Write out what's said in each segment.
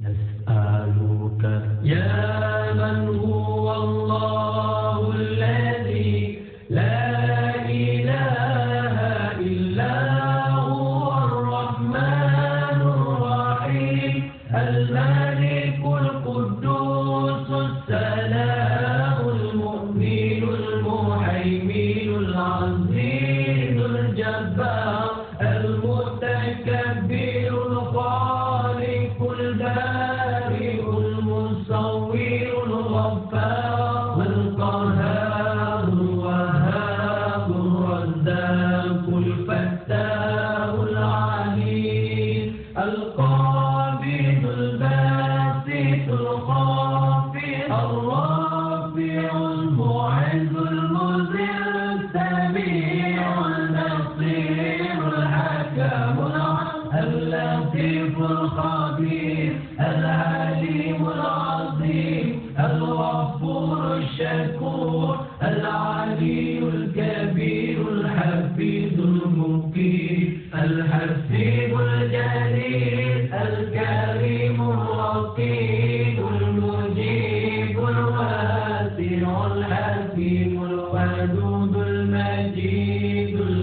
نسألك يا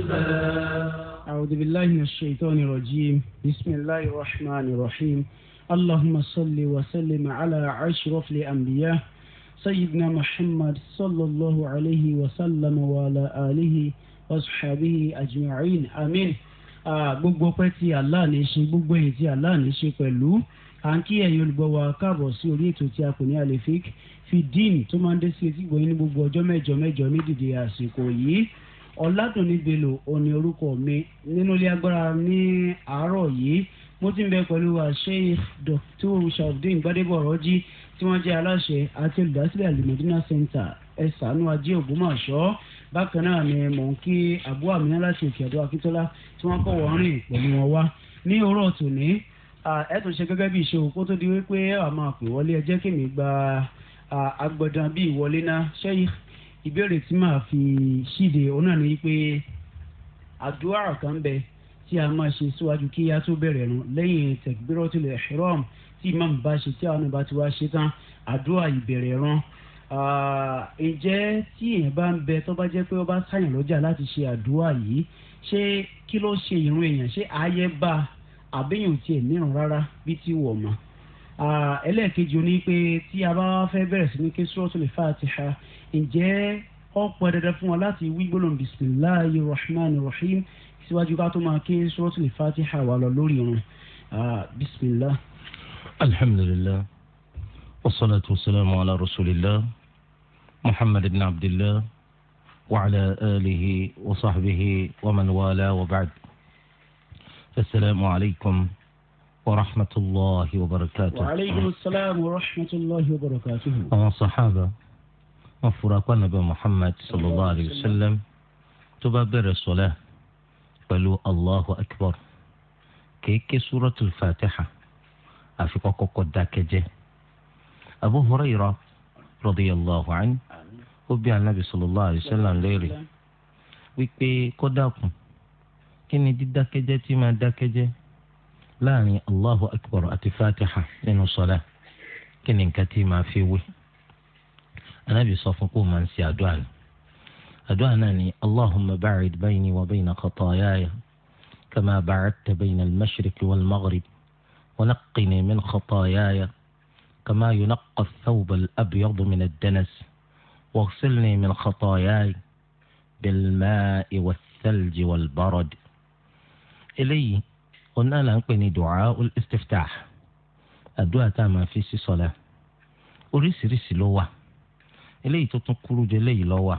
السلام أعوذ بالله من الشيطان الرجيم بسم الله الرحمن الرحيم اللهم صل وسلم على أشرف الأنبياء سيدنا محمد صلى الله عليه وسلم وعلى آله وصحبه أجمعين آمين gbogbo ọpẹ́ tí Allah ní ṣe gbogbo èyí tí Allah ní ṣe pẹ̀lú à ń kí ẹ̀yin olùgbọ́ wa káàbọ̀ sí orí ètò tí a pè ní alefik fi dín tó máa ń dé sí etí gbòyìn ní gbogbo ọjọ́ mẹ́jọ mẹ́jọ ní dìde àsìkò yìí ọ̀làdùnní bello òní orúkọ mi nínú ilé agbára ní àárọ̀ yìí mo ti ń bẹ pẹ̀lú àṣẹ dr shaudin gbadebo ọ̀rọ̀jì tí wọ́n jẹ́ aláṣẹ àti olùdásílẹ̀ alimọ̀dínà center ẹ̀sánú ajé ògbómọ̀ṣọ́ bákan náà ni mò ń kí abu amina láti òkè ọ̀dọ́ akíntola tí wọ́n kọ́ wọ́n rìn pẹ̀lú wọn wá ní òórọ̀ tòní ẹ tún ṣe gẹ́gẹ́ bí ìṣòwò kó tó di wípé àmọ́ àpè wọlé ẹ kí mi gba agbọ̀dàn bíi ìwọlé náà ṣẹ́yìn ìbéèrè tí màá fi ṣíde òun ni pé àdúrà kan bẹ tí a máa ṣe síwájú kí a tó bẹ̀rẹ̀ rún lẹ́yìn takbiratul ihram tí imam bá ṣe tí àwọn ọba ti wá ṣe tán àdúrà ìbẹ̀rẹ̀ rún ǹjẹ́ tí èèyàn bá ń bẹ tó bá jẹ́ pé ó bá sáyàn lọ́jà láti ṣe àdúrà yìí ṣé kí ló ṣe ìrun èèyàn ṣé ààyè bá àbẹ́yìn ò tiẹ̀ nírun rárá bí ti wọ̀ mọ́ ẹlẹ́ẹ̀kejì oní pé tí a bá fẹ́ bẹ̀rẹ̀ sí ní ké Suratul Fatiha ǹjẹ́ ó pọn dandan fún wa láti wí gbólóhùn bisimilahi rahman rahim síwájú ká tó máa ké Suratul Fatiha wà lọ lórí irun bisimilah. alhamdulilah wasalaatu wasalaamu ala rasulillah muhammad ibn abdillah wa ala alihi wa sahbihi wa man wala wa ba'd. asalaamu alaykum. As ورحمة الله وبركاته وعليكم السلام ورحمة الله وبركاته أما الصحابة وفراق النبي محمد صلى الله عليه وسلم تبابر الصلاة بلو الله أكبر كيك سورة الفاتحة أفقك قدك جه أبو هريرة رضي الله عنه وبيع النبي صلى الله عليه وسلم ليري ويكي قدكم كني دي دكجة تما دكجة láàrin allahu akbar àti fatiha nínú sọlá kí ni nǹkan tí màá fi wí anábì sọ fún kó máa ń ṣe àdúrà ni àdúrà náà ni allahumma ba'id bayni wa bayna khataayaya kama ba'adta bayna al-mashriqi wal-maghrib wa naqqini min khataayaya كما ينقى الثوب الأبيض من الدنس واغسلني من خطاياي بالماء والثلج والبرد إلي òun náà là ń pè ní dùá istiftah àdúrà tá a máa fi sí sọlá oríṣiríṣi ló wà eléyìí tó tún kúrú ju eléyìí lọ wà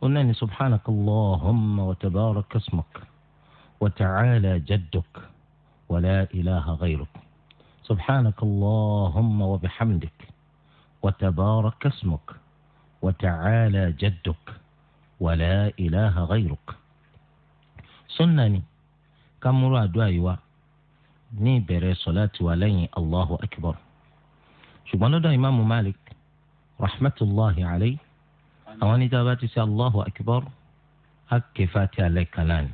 òun náà ní subhanaka allahumma wa tabaraka ismuk wa ta'ala jadduk wa la ilaha ghayruk subhanaka allahumma wa bihamdik wa tabaraka ismuk wa ta'ala jadduk wa la ilaha ghayruk sunna ni. kámúrò àdúrà yìí wá ní ìbẹ̀rẹ̀ sọ̀láàtì wa lẹ́yìn allahu akbar ṣùgbọ́n lọ́dọ̀ imaamu malik rahmatulahi alayhi àwọn níta bá ti ṣe allahu akbar akefa ti alẹ́ kalani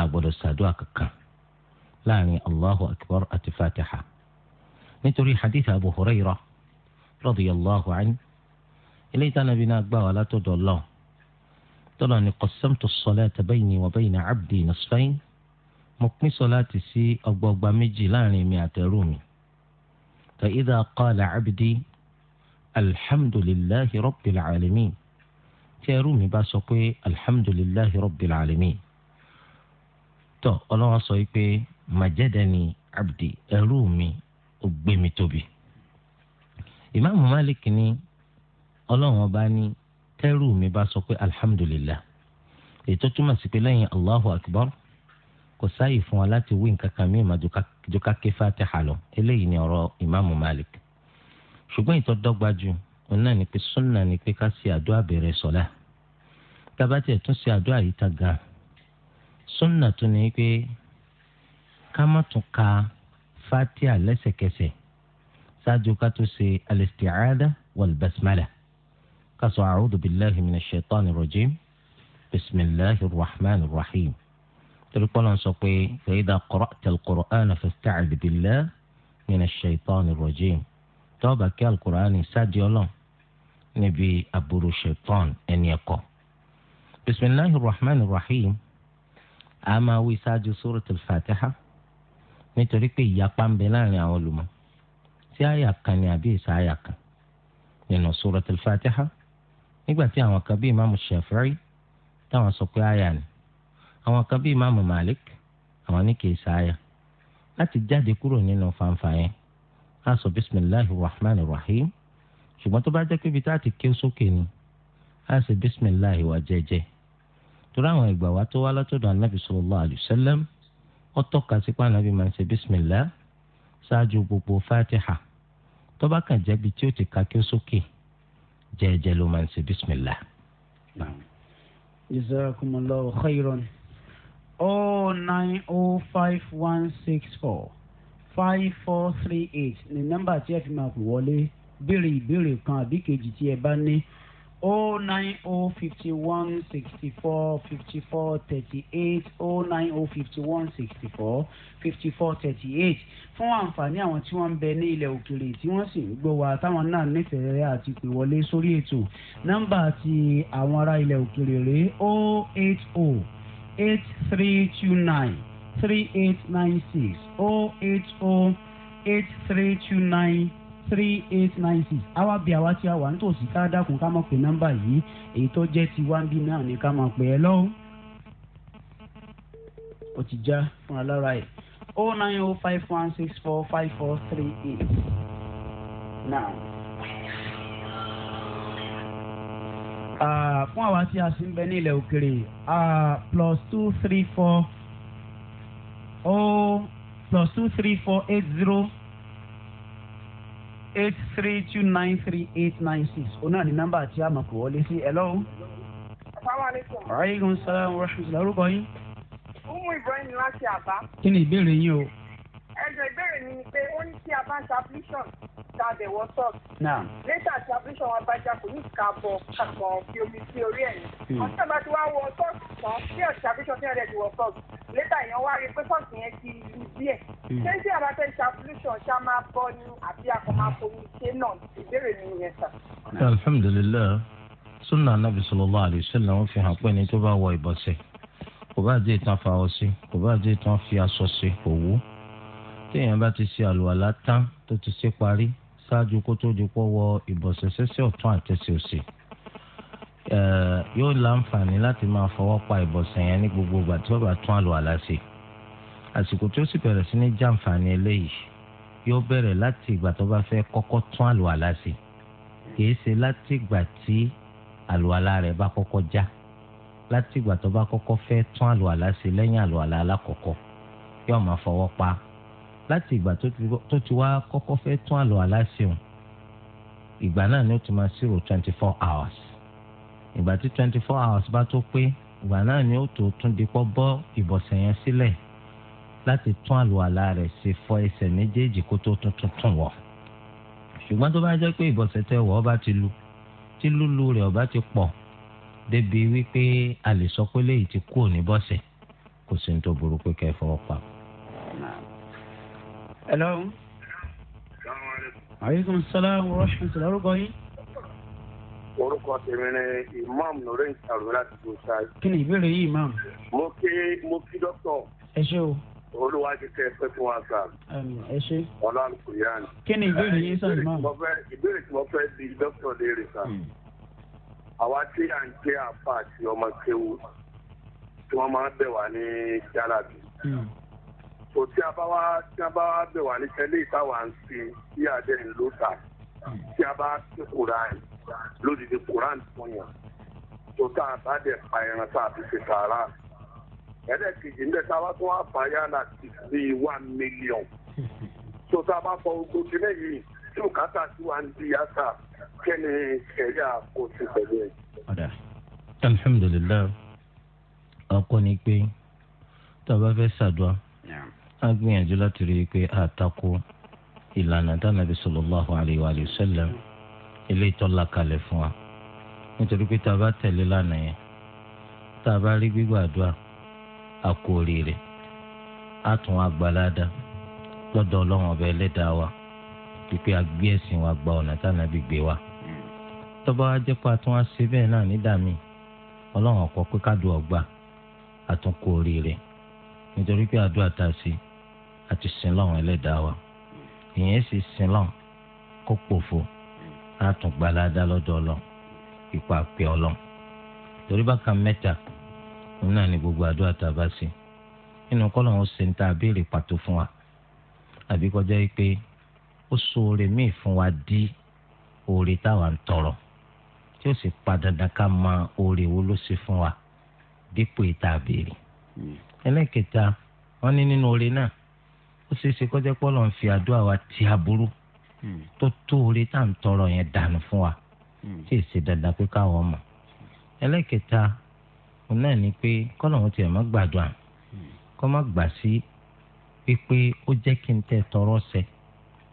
àgbọ̀dọ̀ sàdúrà kankan láàrin allahu akbar àti fatiha nítorí hadith abu hurairah radiyallahu anhu ilé ìtàn nàbí náà gbà wà látọ̀dọ̀ lọ́wọ́ tọ́lọ́ ni qasamtu as-salata bayni wa bayna mo pín sọláàtì sí ọgbọọgba méjì láàrin mi àtẹrù mi fa idha qala abdi alhamdulillahi rabbil alamin tí ẹrú mi bá sọ pé alhamdulillahi rabbil alamin tó ọlọ́wọ́ sọ pé majadani abdi ẹrú mi ó gbé mi tóbi ìmáàmù malik ni ọlọ́run ọba ní tẹ́rù mi bá sọ pé alhamdulillah ètò túmọ̀ sí pé lẹ́yìn allahu akbar kò sáàyè fún wa láti wí nǹkan kan míì má ju ká ké fatiha lọ eléyìí ni ọ̀rọ̀ ìmáàmù malik ṣùgbọ́n ìtọ́ dọ́gba ju òun náà ni pé súnà ni pé ká ṣe àdúrà bẹ̀rẹ̀ sọ́lá tábàtì ẹ̀ tún ṣe àdúrà yìí ta gan súnà tún ni pé ká má tún ka fatiha lẹ́sẹ̀kẹsẹ̀ ṣáájú ká tó ṣe al-isti'ada wal-basmala ká sọ a'udhu billahi minash shaitani rajim bismillahir rahmanir rahim torí pọ́nlá sọ pé ṣèyídà kọ́rọ́ tẹ̀lkọ́rọ́ àná fẹ́sítà àdìbìlẹ́ nínú ṣèyítọ́ọ̀nì rọ̀jìn tọ́ọ̀bà kí alukur'ani sáàdì ọlọ́n níbi aburú ṣèyítọ́ọ̀n ẹni ẹ̀kọ́. bisimilahi rahman rahim a máa wí sáájú sóròtò fàtíhà nítorí pé ìyapa ń bẹ láàrin àwọn olùmọ̀ tí àyà kan ni àbí ìsà àyà kan nínú sóròtò fàtíhà nígbà tí àwọn kan bí àwọn kan bíi imaamu malik àwọn ní kì í sáyà láti jáde kúrò nínú fanfa yẹn á sọ bisimilahi rahman rahim ṣùgbọ́n tó bá jẹ́ pé ibi tá a ti ké sókè ni á sọ bisimilahi wa jẹ́jẹ́ torí àwọn ìgbà wa tó wá látọ̀dọ̀ anabi sallallahu alayhi wa tọ́ka sí pa anabi máa ń ṣe bisimilah ṣáájú gbogbo fatiha tó bá kàn jẹ́bi tí ó ti ka ké sókè jẹ́jẹ́ ló máa ń ṣe bisimilah. jazakumullahu khairan oh nine oh five one six four five four three eight ní nọ́mbà tí ẹ fi máa pè wọlé béèrè ìbéèrè kan àbí kejì tí ẹ bá ní oh nine oh fifty one sixty four fifty four thirty eight oh nine oh fifty one sixty four fifty four thirty eight fún àǹfààní àwọn tí wọ́n ń bẹ ní ilẹ̀ òkèèrè tí wọ́n sì ń gbọ́ wa táwọn náà nífẹ̀ẹ́ àti pè wọlé sórí ètò nọ́mbà ti àwọn ará ilẹ̀ òkèèrè rèé oh eight oh eight three two nine three eight nine six oh eight oh eight three two nine three eight nine six àwa bí àwa tí a wà nítòsí ká dákun ká máa pè nọ́mbà yìí èyí tó jẹ́ ti wá bí náà ni ká máa pè é lọ́wọ́ ó ti já fún alára ẹ̀ oh nine oh five one six four five four three eight now. Ah, fún àwa tí a sì ń bẹ ní ilẹ̀ òkèrè ah, plus two three four oh plus two three four eight zero eight three two nine three eight nine six òun náà ni nọ́mbà tí a mọ̀ kó wọlé sí ẹ̀ lọ́wọ́. salaamaleykum. waaleykum salaam wa rahmatulah orúkọ yín. umu ibrahim láti àbá. kí ni ìbéèrè yín o ẹjọ́ ìbéèrè mi ni pé ó ní kí a bá ń ta ablution ta àbẹ̀wò sọ́ọ̀tù. lẹ́tà àti ablution wọn bá jáko ní ìka bọ̀ kàkọ́ fi omi sí orí ẹ̀ ní. Hmm. wọ́n sábà ti wá wọ sọ́ọ̀tù tán bí ọ̀sẹ̀ ablution ti rẹ̀ ti wọ sọ́ọ̀tù. lẹ́tà yẹn wá rí pé sọ́ọ̀tù yẹn ti lu díẹ̀. Hmm. ṣé tí a bá fẹ́ ṣe ablution ṣá máa bọ́ ni àbí a kò máa fomi ṣe náà ìbéèrè mi yẹn sà. alhamdulilayi sunna anabi sallallahu alayhi wa fi hàn pé ẹni tó bá wọ ìbọ̀sẹ̀ kò bá dé ìtàn fa ọ sí kò bá dé ìtàn fi aṣọ sí òwú téèyàn bá ti ṣe àlùwàlá tán tó ti ṣe parí ṣáájú kó tó di pọ́ wọ ìbọ̀sẹ̀ sẹ́sẹ̀ ọ̀tún àtẹ̀sẹ̀ òsì yóò láǹfààní láti máa fọwọ́ pa ìbọ̀sẹ̀ yẹn ní gbogbo ìgbà tí ó bá tún àlùwàlá ṣe àsìkò tí ó sì bẹ̀rẹ̀ sí ní jàǹfààní eléyìí yóò bẹ̀rẹ̀ láti ìgbà tó bá fẹ́ kọ́kọ́ tún àlùwàlá ṣe kìí ṣe láti ìgbà tí àlùwàlá rẹ̀ bá kọ́kọ́ já láti ìgbà tó bá kọ́kọ́ fẹ́ tún àlùwàlá ṣe lẹ́yìn àlùwàlá alákọ̀ọ́kọ́ yóò máa fọwọ́ pa láti ìgbà tó ti wá kọ́kọ́ fẹ́ tún àlọ́ aláṣẹun ìgbà náà ni ó ti máa ṣírò twenty four hours ìgbà tí twenty four hours bá tó pé ìgbà náà ni ó tó tún dipọ́ bọ́ ìbọ̀sẹ̀ yẹn sílẹ̀ láti tún àlọ́ àlá rẹ̀ ṣe fọ ẹsẹ̀ méjèèjì kó tó tún tuntun wọ̀ ṣùgbọ́n tó bá jẹ́ pé ìbọ̀sẹ̀ tẹ wọ̀ ọba ti lu tí lulu rẹ̀ ọba ti pọ̀ débi wípé a lè sọ pé léyìí ti kú òní bọ́sẹ̀ kò sí ní tó burú pé kẹ́ ẹ fọwọ́ pa hello. aleykum salaam wa rahmatulah orúkọ yín. orúkọ tèmi ni imam nore ìsàlù láti tó ṣáà. kí ni ìbéèrè yìí imam. mo kí mo kí dókítà. ẹ ṣé o. olúwa ti tẹ pé fún wa sà. ẹ ṣé. ọlọ́run kò yá ni. kí ni ìbéèrè yìí sàn imam. ìbéèrè tí mo fẹ́ di dókítà léèrè sà. Hmm. àwa tí à ń jẹ́ àpá àti ọmọ kéwu tí wọ́n máa ń bẹ̀ wá ní jálàbí tó tí a bá wá tí a bá bẹ̀ wá ní tẹ́lẹ̀ ìtawà ń ṣe bí adé ń lò ta tí a bá ti kura ẹ̀ lódìdí kuran fún yàn tó tá a bá dẹ̀ pa ẹran tá a fi ṣe sàárà ẹlẹ́ẹ̀kejì níbẹ̀ tá a bá tún wá fà yá láti bí one million tó tá a bá fọ ogbó kílẹ̀ yìí tí o kàtà sí wa ń di yàtà kẹ́ni ẹ̀yà kò sí pẹ̀lú ẹ̀. alhamdulilayi ọkọ ni pé tá a bá fẹ́ á gbìyànjú láti rí i pé àtakò ìlànà tánàbí sallallahu alayhi wa sallam ilé ìtọ́lá kalẹ̀ fún wa nítorí pé tá a bá tẹ̀lé lánàá yẹn tá a bá rí gbígbàdúrà a kú oríire á tún wa gbalada lọ́dọ̀ ọlọ́run ọba ẹlẹ́dàá wa pípé agbé ẹ̀sìn wa gba ọ̀nà tánàbí gbé wa tọ́ba wa jẹ́ pé a tún wá ṣe bẹ́ẹ̀ náà nídàmí ọlọ́run ọ̀pọ̀ pé ká dùn ọgbà a tún kú oríire nítorí pé àdúrà tá a àti sinlọ́n ẹlẹ́dàá wa ìyẹn sì sinlọ́n kó pòfo látún gbalada lọ́dọ̀ ọlọ́n ipa pẹ́ ọlọ́n torí bákan mẹ́ta òun náà ni gbogbo àdúrà tá a bá ṣe nínú kọ́ lọ́n ó ṣe ń ta abéèrè pàtó fún wa àbí kọjá yìí pé ó so oore míì fún wa dí oore táwa ń tọrọ tí ó sì pa dandan ká mọ oore wo ló ṣe fún wa dípò ìta àbèrè hmm. ẹlẹ́kẹta wọ́n ní nínú oore náà ṣeé ṣe kó jẹ́ pé Ọlọ́run fi àdúrà wa ti aburú hmm. tó tóore tá à ń tọrọ yẹn dànù fún wa hmm. tí èsì dandan pé káwọn mọ̀ ẹlẹ́kẹta òun náà ni pé kọ́lọ́run tiẹ̀ má gbàdúrà hmm. kọ́ má gbà sí pípé ó jẹ́ kí n tẹ́ tọrọ ṣẹ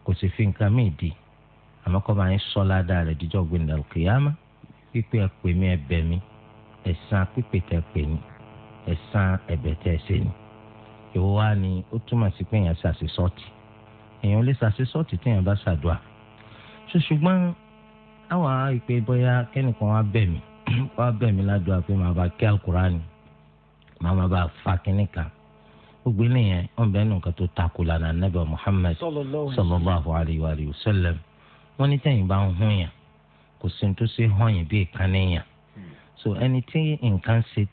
kò sì fi nǹkan míì di àmọ́ kọ́ máa ń sọ ládàá rẹ̀ díjọ́ gbẹ̀ndàlùkìyàmá pípé ẹ pè mí ẹ bẹ̀ mí ẹ̀san pípé tẹ pè mí ẹ̀san ẹ̀bẹ̀ tẹ ṣe ni. ìwọ wa ni ó túmọ̀ sí pé èèyàn ṣàṣe sọ́ọ̀tì èèyàn lè ṣàṣe sọ́ọ̀tì téèyàn bá ṣàdúà ṣe àwọn ìpè bóyá kẹ́nìkan wá bẹ̀ mí wá bẹ̀ mí ládùúgbà pé màá bá kí alukurani màá má bá fa kínní kan gbogbo wọn bẹ nù kan tó takò lànà Muhammad wọn ní bá ń kò sí ní tó ṣe hàn bí ìkànnì yàn so ẹni tí nǹkan ṣe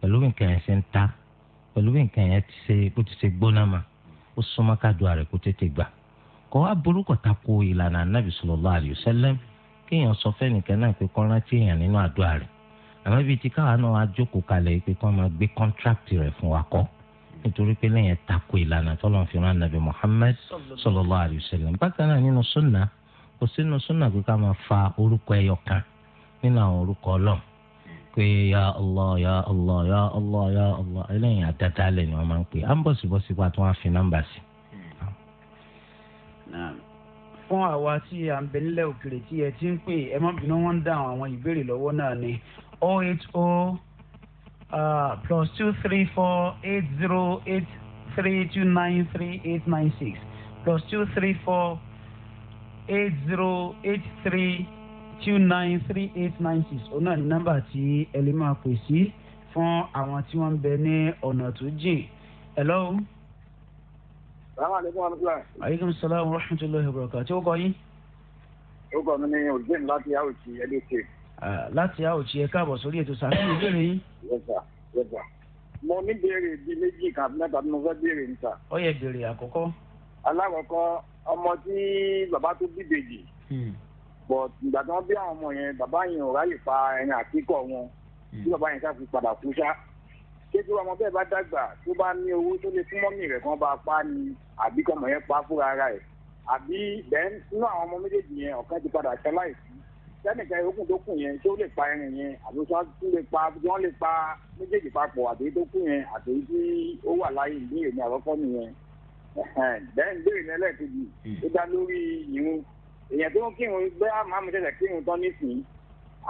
pẹ̀lú bí si yẹn ṣe ń ta pẹ̀lú bí nǹkan yẹn ti ṣe bó ti ṣe gbóná ma ó súnmọ́ kádùá rẹ̀ kó tètè gbà kọ́ wá burúkú tako ìlànà anabi sallallahu alayhi kéèyàn sọ fẹ́nìkan náà pé kọ́ rántí èèyàn nínú àdúrà rẹ̀ àmọ́ ibi tí káwa náà wá jókòó kalẹ̀ pé kọ́ máa gbé kọ́ńtrákìtì rẹ̀ fún wa kọ́ nítorí pé lẹ́yìn tako ìlànà tọ́lọ́ fi rán anábì Muhammad bákan náà nínú súnà kò sínú súnà fa orúkọ ẹyọ kan nínú àwọn orúkọ ọlọ́run pé ya Allah ya Allah ya Allah ya Allah ẹlẹ́yìn àtẹ́tálẹ̀ ni wọ́n máa ń pè á ń bọ̀sibọ̀si pa tí wọ́n á fi nọ́mbà sí. fún àwa tí à ń bẹ nílẹ̀ òkèrè tí ẹ ti ń pè ẹ má bínú wọn ń dá àwọn ìbéèrè lọ́wọ́ náà ni o oh eight o oh, ah, plus two three four eight zero eight three two nine three eight nine six plus two three four eight zero eight three two nine three eight nine six òun náà ní nọ́mbà tí ẹ lè máa pè sí fún àwọn tí wọ́n ń bẹ ní ọ̀nà tó jìn. hello. salaamaleykum wa rahmatulah. aleykum salaam wa rahmatulahi wa barakatuh. tí ó kọ yín. ó kọ mi ní olùdíje láti àwòtí ẹlẹ́sẹ̀. láti àwòtí ẹ káàbọ̀ sórí ètò sàmì ìbéèrè yín. mo ní béèrè bíi méjì kàbí mẹ́ta tí mo fẹ́ béèrè níta. ó but ìgbà tí wọ́n bí àwọn ọmọ yẹn bàbá yẹn ò ráyè pa ẹni àtìkọ́ wọn hmm. tí bàbá yẹn káfí padà kú ṣá kéjú ọmọ bẹ́ẹ̀ bá dàgbà tó bá ní owó tó lè fún mọ́mì rẹ̀ kan bá pa ni àbí kọ́mọ yẹn pa fúnra ara ẹ̀ àbí bẹ́ẹ̀ nínú àwọn ọmọ méjèèjì yẹn ọ̀kan ti padà ṣaláìsí sẹ́nìkan yòókù tó kù yẹn tó lè pa ẹrin yẹn àbí tó tún lè pa wọ́n lè pa méjèèjì papọ̀ àtèyí tó kù yẹn àtèyí tí ó wà láyé ìbéèrè ní àkọ́kọ́ nìyẹn bẹ́ẹ̀ ń béèrè lẹ́lẹ́kejì hmm. ó dá lórí ìrún ìyẹn tó ń kírun gbé àmàmù ṣẹ̀ṣẹ̀ kírun tán nísìnyí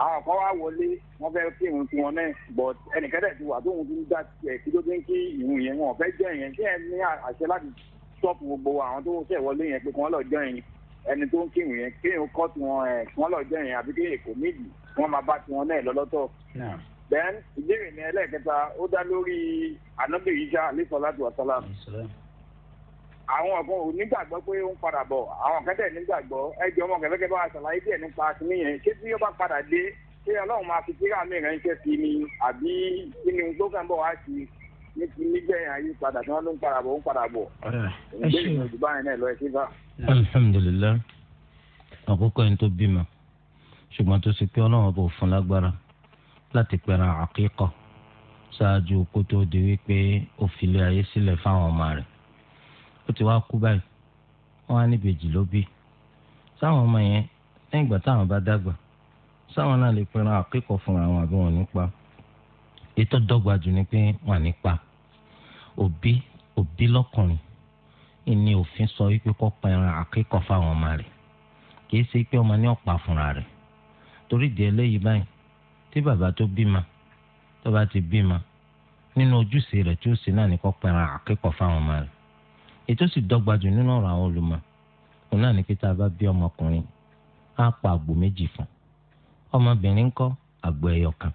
àwọn kan wá wọlé wọn fẹ́ kírun tiwọn náà but ẹnìkan ti wà tóun ti ń dá tiẹ̀ kí ló dé ń kí ìrun yẹn wọn fẹ́ jẹ́ yẹn kí ẹ ní àṣẹ láti stop gbogbo àwọn tó ṣẹ̀ wọlé yẹn pé kí wọ́n lọ jẹ́ yẹn ẹni tó ń kírun yẹn kírun kọ́ tiwọn ẹ̀ kí wọ́n lọ jẹ́ yẹn àbí kí èkó nídìí wọ́n máa bá tiwọn náà lọ́lọ́tọ̀ then ìbéèrè ní ẹlẹ́ẹ̀kẹta ó dá lórí ànábì Ìsá alayhi salatu àwọn kan ò nígbàgbọ́ pé ó ń padà bọ̀ àwọn kan tẹ̀ nígbàgbọ́ ẹ jẹ́ ọmọ kẹfẹ́kẹ́ bá wa ṣàlàyé díẹ̀ nípa kíní yẹn ṣé tí ó bá padà dé ṣé ọlọ́run máa fi síra mi ránṣẹ́ sí ni àbí kí ni tó kàn bọ̀ wá sí ní ti nígbẹ̀yìn ayé padà tí wọ́n ló ń padà bọ̀ ó ń padà bọ̀ alhamdulilayi àkókò ẹni tó bímọ ṣùgbọ́n tó ṣe pé ọlọ́run bò fún lágbára láti pẹ̀ra àkíkọ̀ ṣáájú kó di wípé ó filé ayé sílẹ̀ fáwọn ọmọ rẹ̀ ó ti wá kú báyìí wọ́n á níbi èjì ló bí sáwọn ọmọ yẹn lẹ́yìn ìgbà táwọn bá dàgbà sáwọn náà lè pinran akẹ́kọ̀ọ́ fúnra wọn àbí wọn nípa ètò dọ́gba jù ni pé wọn nípa òbí òbí lọ́kùnrin ìní òfin sọ wípé kó pinran akẹ́kọ̀ọ́ fáwọn ọmọ rẹ̀ kì ṣe pé ọmọ ní ọ̀pá fúnra rẹ̀ torí ìdí eléyìí báyìí tí bàbá tó bímọ tó bá ti bímọ nínú ojúṣe rẹ̀ tí ó ṣe náà ni kó pinran akẹ́kọ̀ọ́ fáwọn ọmọ rẹ̀ ètò sì dọ́gba jù nínú ọ̀rọ̀ àwọn olùmọ̀ òun náà ní pé tá a bá bí ọmọkùnrin á pa àgbò méjì fún ọmọbìnrin ńkọ́ àgbò ẹyọ kan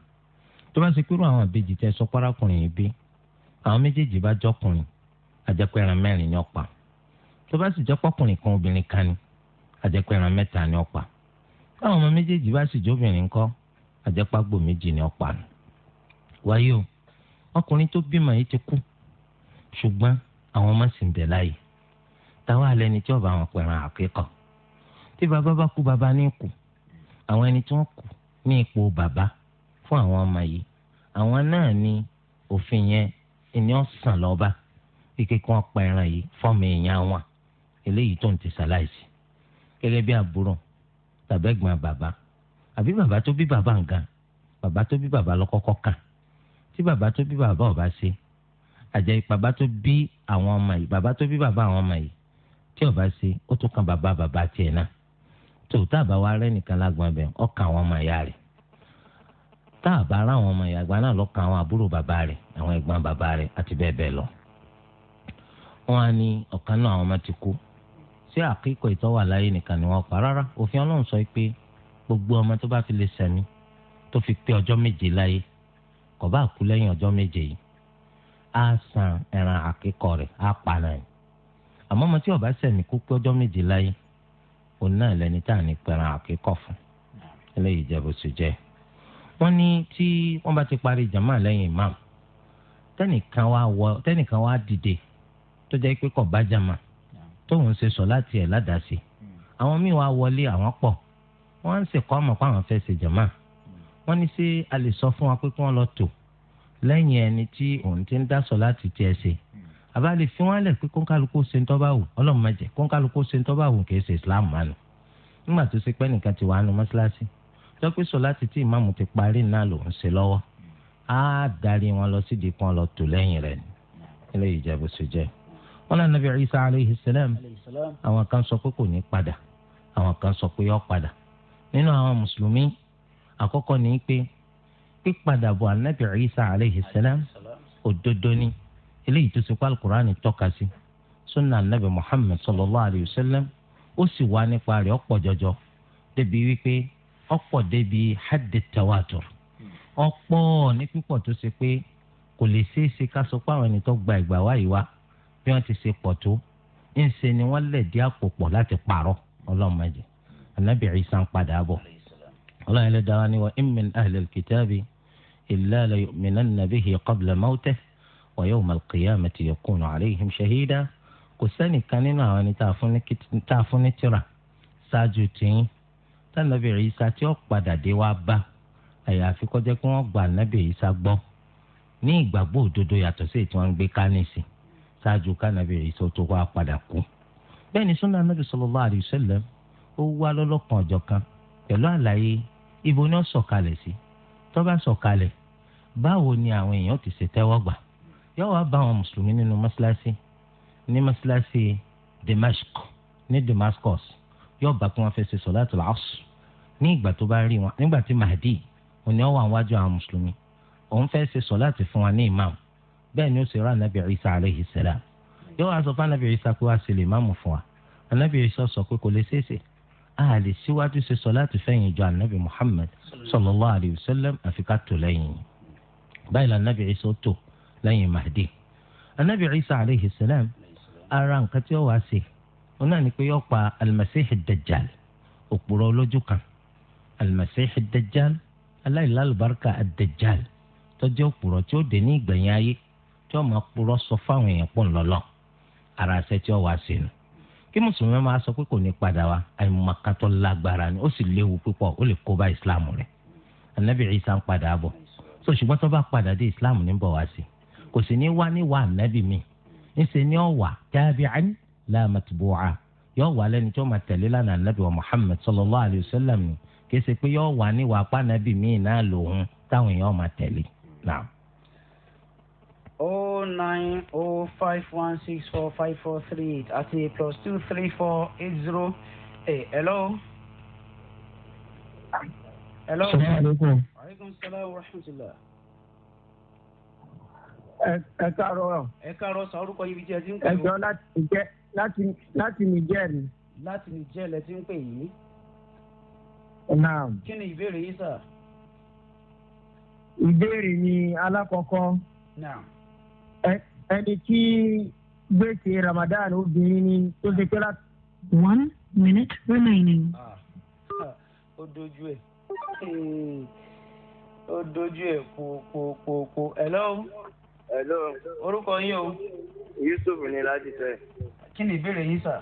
tó bá ṣe pẹ̀lú àwọn àbejì tẹ sọ párákùnrin yìí bí àwọn méjèèjì bá jọkùnrin àjẹpẹ̀ràn mẹ́rin ni ọ̀pá tó bá sì jọpọ̀kùnrin kan obìnrin kan ni àjẹpẹ̀ràn mẹ́ta ni ọ̀pá táwọn ọmọ méjèèjì bá sì jóbìnrin ńkọ́ àjẹpàgbò méjì ni ọ̀pá wáyé o ọkùnrin tó bímọ yìí ti kú ṣùgbọ́n àwọn ọmọ sì ń bẹ láàyè táwa lẹni tí ọba àwọn pẹ̀ràn àkẹ́kọ̀ọ́ tí bàbá bá kú bàbá ní kù àwọn ẹni tí wọ́n kù ní ipò bàbá fún àwọn ọmọ yìí àwọn náà ni òfin yẹn ìní ọ̀sán lọ́ba kíkẹ́ kí wọ́n pa ẹran yìí fọ́ọ̀mù èèyàn wọn eléyìí tó ń ti ṣaláìsí gẹ́gẹ́ bí àbúrò tàbẹ́gbọ̀n bàbá àbí bàbá tó bí bàbá nǹkan bàbá tó bí bàbá lọ́kọ́kọ́ kàn tí bàbá tó bí bàbá ò bá ṣe àjẹ́ bàbá tó bí àwọn ọmọ yìí bàbá tó bí bàbá àwọn ọmọ yìí tí ó bá ṣe ó tún kan bàbá bàbá tiẹ̀ náà tó tá a bá wá rẹ́ nìkan lágbọ́n abẹ ọkàn àwọn ọmọ ìyá rẹ̀ tá a bá rá àwọn ọmọ ìyá àgbà náà lọ́kàn àwọn àbúrò bàbá rẹ̀ àwọn ẹ̀gbọ́n bàbá rẹ̀ àti bẹ́ẹ̀ bẹ́ẹ̀ lọ. wọ́n á ní ọ̀kan náà àwọn ọmọ ti kú ṣé àkíkọ̀ ìtọ́wà láyé nìkan ni wọ́n pa rárá òfin ọlọ́run sọ pé gbogbo ọmọ tó bá fi lè sẹ̀mí tó fi pé ọjọ́ méje láyé kò bá kú lẹ́yìn ọjọ́ méje yìí á san ẹran àkíkọ rẹ̀ á pa náà ni àmọ́ ọmọ tí ó bá sẹ̀mí kú pé ọjọ́ méje láyé òun náà lẹni tá à ní pẹ̀ràn àkíkọ fún eléyìí jẹ́ bó ṣe jẹ́ wọ́n ní tí wọ́n bá ti parí jàmáà lẹ́yìn imam tẹ́nìkan wá wọ tẹ́nìkan wá dìde tó jẹ́ pé kò bá jàmáà tóun ṣe sọ láti ẹ̀ ládàáṣe àwọn míì wá wọlé àwọn pọ̀ wọ́n ń ṣèkọ́ ọmọ pé àwọn fẹ́ ṣe jàmáà wọ́n ní ṣé a lè sọ fún wa pé kí wọ́n lọ tò lẹ́yìn ẹni tí òun ti ń dásọ láti tiẹ̀ ṣe àbá hmm. lè fi wọn lẹ̀ pé kónkálukó ṣe ń tọ́ba wò ọlọ́run mẹ́jẹ kónkálukó ṣe ń tọ́ba wò kì í ṣe islam mánu nígbà tó ṣe pé nìkan ti wà á nu mọ́ṣáláṣí tó pé sọ láti tí ìmáàmù ti parí náà ló ń ṣe lọ́wọ́ á darí wọn lọ sí ìdìkan lọ tò lẹ́yìn rẹ̀ ni eléyìí jẹ́ bó ṣe jẹ́ wọn lànà bí Isa aleyhi salam àwọn kan sọ pé kò ní padà àwọn kan sọ pé yọ padà nínú àwọn mùsùlùmí àkọ́kọ́ ni pé pípadà bọ̀ anabi isa aleyhi salam òdodo ni eléyìí tó ti kó alukur'an tọ́ka sí sunna anabi muhammed sallallahu alayhi wa sallam ó sì wá nípa rẹ̀ ọ̀pọ̀ jọjọ débi wípé ọ̀pọ̀ débi haddi tawatur ọ̀pọ̀ ní pípọ̀ tó ṣe pé kò lè ṣeé ṣe ká sọ pé àwọn ẹni tó gba ìgbà wáyé wa bí wọ́n ti ṣe pọ̀ tó ń ṣe ni wọ́n lè dí àpò pọ̀ láti pààrọ̀ ọlọ́mọdé anabi isa padà bọ̀ ọlọ́run ẹlẹ́dàá ni wa in min ahlil إلا ليؤمنن به قبل موته ويوم القيامة يكون عليهم شهيدا kò sẹ́nìkan nínú àwọn ẹni tá a fún ní tírà ṣáájú tìyín tánàbì ìsá tí ó padà dé wá bá àyàfi kó jẹ́ kí wọ́n gba ànábì ìsá gbọ́ ní ìgbàgbọ́ òdodo yàtọ̀ sí ètò wọn gbé kánìsì ṣáájú kánàbì ìsá tó wá padà kú. bẹ́ẹ̀ ni súnà anábì sallallahu alaihi wasallam ó wá lọ́lọ́kan ọ̀jọ̀ kan pẹ̀lú àlàyé ibo ni ó sọ̀kalẹ̀ sí tó bá sọ̀kalẹ̀ báwo ni àwọn èèyàn ti ṣe tẹ́wọ́ gbà yóò wá bá àwọn mùsùlùmí nínú mọ́ṣáláṣí ní mọ́ṣáláṣí Damascus ní Damascus yóò bá kí wọ́n fẹ́ ṣe sọ̀láàtù làásù ní ìgbà tó bá rí wọn nígbà tí Mahdi òní ọ̀wà wájú àwọn mùsùlùmí òun fẹ́ ṣe sọ̀láàtù fún wa ní imam bẹ́ẹ̀ ni ó ṣe rán anabi Isa aleyhi salam yóò wá sọ fún anabi Isa pé wá ṣe lè má mú fún wa anabi Isa sọ pé kò lè ṣeéṣe a lè síwájú ṣe sọ̀láàtù fẹ́yìn ìjọ anabi Muhammad sallallahu alayhi wa tó lẹ́yìn yìí báyìí la anabi isa tó lẹ́yìn mahdi anabi isa aleyhi salam ara nǹkan tí ó wàá ṣe ó náà ní pé yóò pa alimasihi dajjal òpùrọ̀ olójú kan alimasihi dajjal aláìlálùbáríkà adajjal tó jẹ́ òpùrọ̀ tí ó dé ní ìgbẹ̀yìn ayé tí ó máa purọ́ sọ fáwọn èèyàn pọ̀ ńlọ́lọ́ ara ṣe tí ó wàá ṣe nù kí mùsùlùmí máa sọ pé kò ní padà wá àìmọ̀kàtọ́ lágbára ni ó sì léwu púpọ̀ ó lè kó bá ìsìláàmù rẹ̀ anabi isa padà bọ̀ so ṣùgbọ́n tó bá padà dé islam ní bọ̀ wá sí kò sì ní wá ní wà nábì mi ńṣe ni ó wà tabi'an la matbu'a yọ wà lẹ́ni tó máa tẹ̀lé lánàá nábì wa muhammad sallallahu alayhi wa sallam ni kì í ṣe pé yọ wà ní wà pa nábì mi náà lòun táwọn èèyàn máa tẹ̀lé náà. O oh nine O oh five one six four five four three eight àti plus two three four eight zero eight. Hello. Hello ẹ káàárọ̀. ẹ káàárọ̀ sọ orúkọ yìí jẹ́ ti ń pè mí. ẹjọ́ láti jẹ́ láti láti Niger ni. láti Niger ti ń pè yìí. naam. kí ni ìbéèrè yìí sà. ìbéèrè ni alákọ̀ọ́kọ́. naam. ẹni tí gbèsè Ramadan obìnrin ni tó ṣe pé láti. one minute remaining. Ah, ó dojú ẹ̀. Hmm ó dojú ẹ̀ pòpòpòpò hello. hello. orúkọ yín o. yusuf ni láti fẹ́. kí ni ìbéèrè yín sà.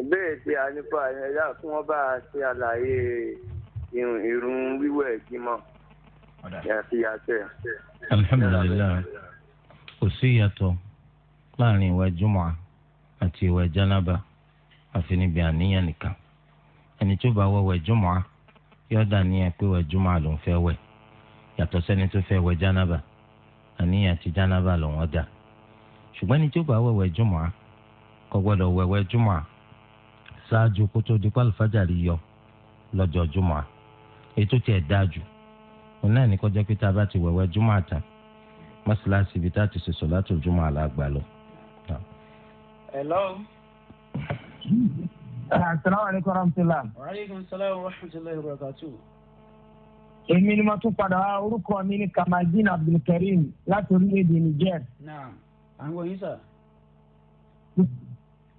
ìbéèrè tí a ní fún àyẹ̀wò ẹ̀dá fún wọn bá a ṣe àlàyé irun wíwẹ̀ ìgbìmọ̀ yàtí yàtẹ̀. alhamdulilayi kò sí ìyàtọ̀ láàrin ìwẹ̀ jùmọ̀ àti ìwẹ̀ jánábà àfi níbi àníyàn nìkan ẹni tó bá wọ ìwẹ̀ jùmọ̀ yọ̀ọ́dà níyàn pé ìwẹ̀ jùmọ̀ ló ń fẹ́ wẹ̀ yàtọ̀ sẹ́ni tó fẹ́ wẹ̀ jánábà àníyàn ti jánábà lòun ọ̀dà ṣùgbọ́n ní tí ó bá wẹ̀wẹ̀ jùmọ̀ kò gbọ́dọ̀ wẹ̀wẹ̀ jùmọ̀ ṣáájú kó tó di pálífàjàrí yọ lọ́jọ́ jùmọ̀ ètò tiẹ̀ dáa jù òun náà ní kọjá pé tá a bá ti wẹ̀wẹ̀ jùmọ̀ àtàn mọ́ṣáláṣí ibi tá a ti ṣe sọ̀látù jùmọ̀ àlágbà lọ. hello. asalaamualeykum wa rahmatulah. wa salaam wa rahmatulahi èmi ni mo tún padà wá orúkọ mi ní kamaldeen abdulkareem láti orílẹ̀-èdè niger. naam àwọn yìí sà.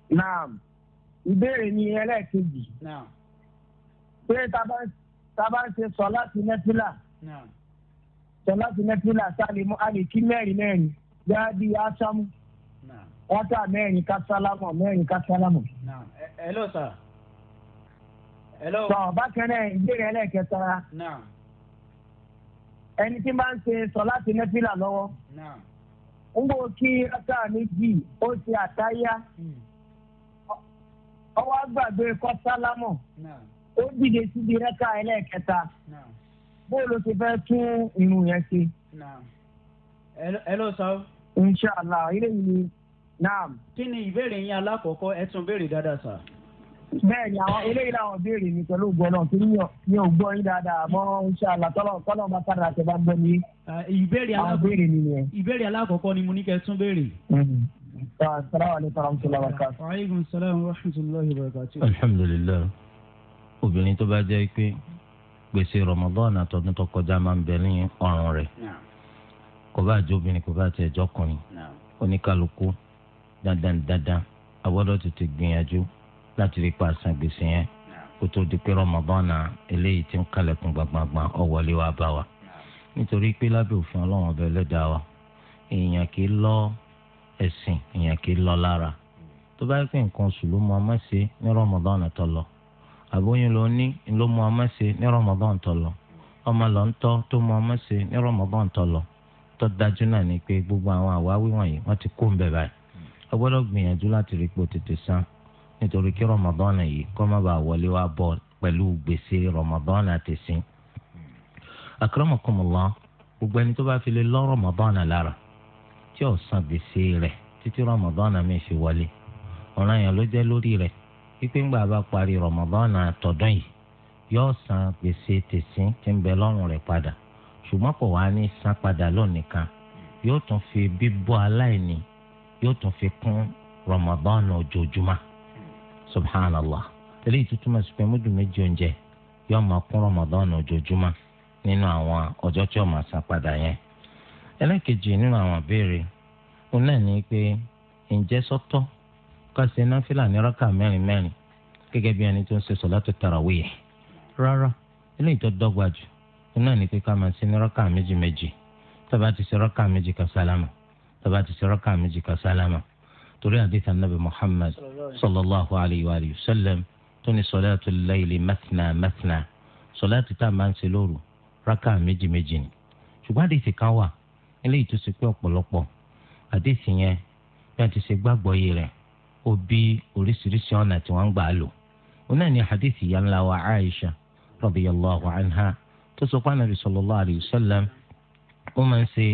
naam ìbéèrè mi ẹlẹ́ẹ̀kejì. naam. pé tábà ń ṣe sọ láti nẹ́fílà. naam. sọ láti nẹ́fílà sálẹ̀ mọ́ a lè kí mẹ́rin mẹ́rin yáá di aṣámú. naam. wọ́n tà mẹ́rin ká sálámọ̀ mẹ́rin ká sálámọ̀. naam ẹ ẹ sà. bákan náà ìbéèrè ẹlẹ́ẹ̀kẹta. naam. ẹni tí máa ń ṣe sọ láti nẹ́fìlà lọ́wọ́ ń bò kí rákà méjì ó ṣe àtáyá ọwọ́ àgbàgbé kọ́ ó dìde síbi ẹlẹ́ẹ̀kẹta ti fẹ́ tún irun yẹn ṣe. ẹ ló sọ. inshallah ilé yìí ni kí ni ìbéèrè yín alákọ̀ọ́kọ́ ẹ bẹ́ẹ̀ ni àwọn eléyìí làwọn béèrè mi pẹ̀lú ògbọ́n náà torí mi ò gbọ́ yín dáadáa àmọ́ ṣàlà tọ́lọ̀ tọ́lọ̀ bá kára àti bá gbọ́ ní. Eh, ìbéèrè alákọ̀ọ́kọ́ ìbéèrè alákọ̀ọ́kọ́ ni mo ní kẹ́ tún béèrè. Mm-hmm. wa rahmatulahi wa barakatu. wa aleykum wa rahmatulahi wa barakatu. alhamdulilayi obìnrin tó bá jẹ́ pé gbèsè rọmọdọ́ọ̀nù àtọ́dún tó kọjá máa ń bẹ ní ọrùn rẹ̀ kò bá jẹ́ obìnrin kò bá tiẹ̀ jọkùnrin oníkàlùkù dandan dandan àwọ̀dọ̀ tètè gbìyànjú láti rí pa san gbèsè yẹn kó tó di pé rọmọbọ́nà eléyìí ti ń kalẹ̀kùn gbàgbàgbà ọ̀wọ́lé wa bá wa nítorí pé lábẹ́ òfin ọlọ́run ọbẹ̀ lẹ́dàá wa èèyàn kì í lọ ẹ̀sìn èèyàn kì í lọ lára tó bá nǹkan oṣù ló lọ àbóyún ló ní ló mú ọmọ ṣe lọ ọmọ lọ ń tọ́ tó nítorí kí rọmọdọ́nà yìí kọ́ má bàa wọlé wá bọ̀ pẹ̀lú gbèsè rọmọdọ́nà tẹ̀sìn. akramakumullah gbogbo ẹni tó bá fi lè lọ rọmọdọ́nà lára tí ò san gbèsè rẹ̀ títí rọmọdọ́nà mi fi wọlé ọ̀ràn yẹn ló jẹ́ lórí rẹ̀ pípé ńgbà bá parí rọmọdọ́nà tọ̀dún yìí yóò san gbèsè tẹ̀sìn tí ń bẹ lọ́rùn rẹ̀ padà ṣùgbọ́n kò wá ní san padà lónìí kan yóò subhanallah eléyìí tó túmọ̀ sí pé múdù méjì oúnjẹ yóò máa kún ramadan ojoojúmọ́ nínú àwọn ọjọ́ tí ó máa san padà yẹn ẹlẹ́kejì nínú àwọn ìbéèrè òun náà ní pé ǹjẹ́ sọ́tọ́ ká ṣe náfìlà ní mẹ́rin mẹ́rin gẹ́gẹ́ bí ẹni tó ń ṣe sọ̀látù tarawih rárá eléyìí tó dọ́gba jù òun náà ní pé ká ti ṣe méjì torí àdìsá nàbì muhammad sallallahu alayhi wa sallam tó ní sọláàtù layli mathna mathna sọláàtù tá a máa ń ṣe lóru rákà méjì méjì ni ṣùgbọ́n àdìsí kan wà eléyìí tó ṣe pé ọ̀pọ̀lọpọ̀ àdìsí yẹn bí a ti ṣe gbàgbọ́ yìí rẹ̀ ó bí oríṣiríṣi ọ̀nà tí wọ́n ń gbà á lò òun náà ni àdìsí ìyá ńlá wa aisha radiyallahu anha tó sọ pé anabi sallallahu alayhi wa ó máa ń ṣe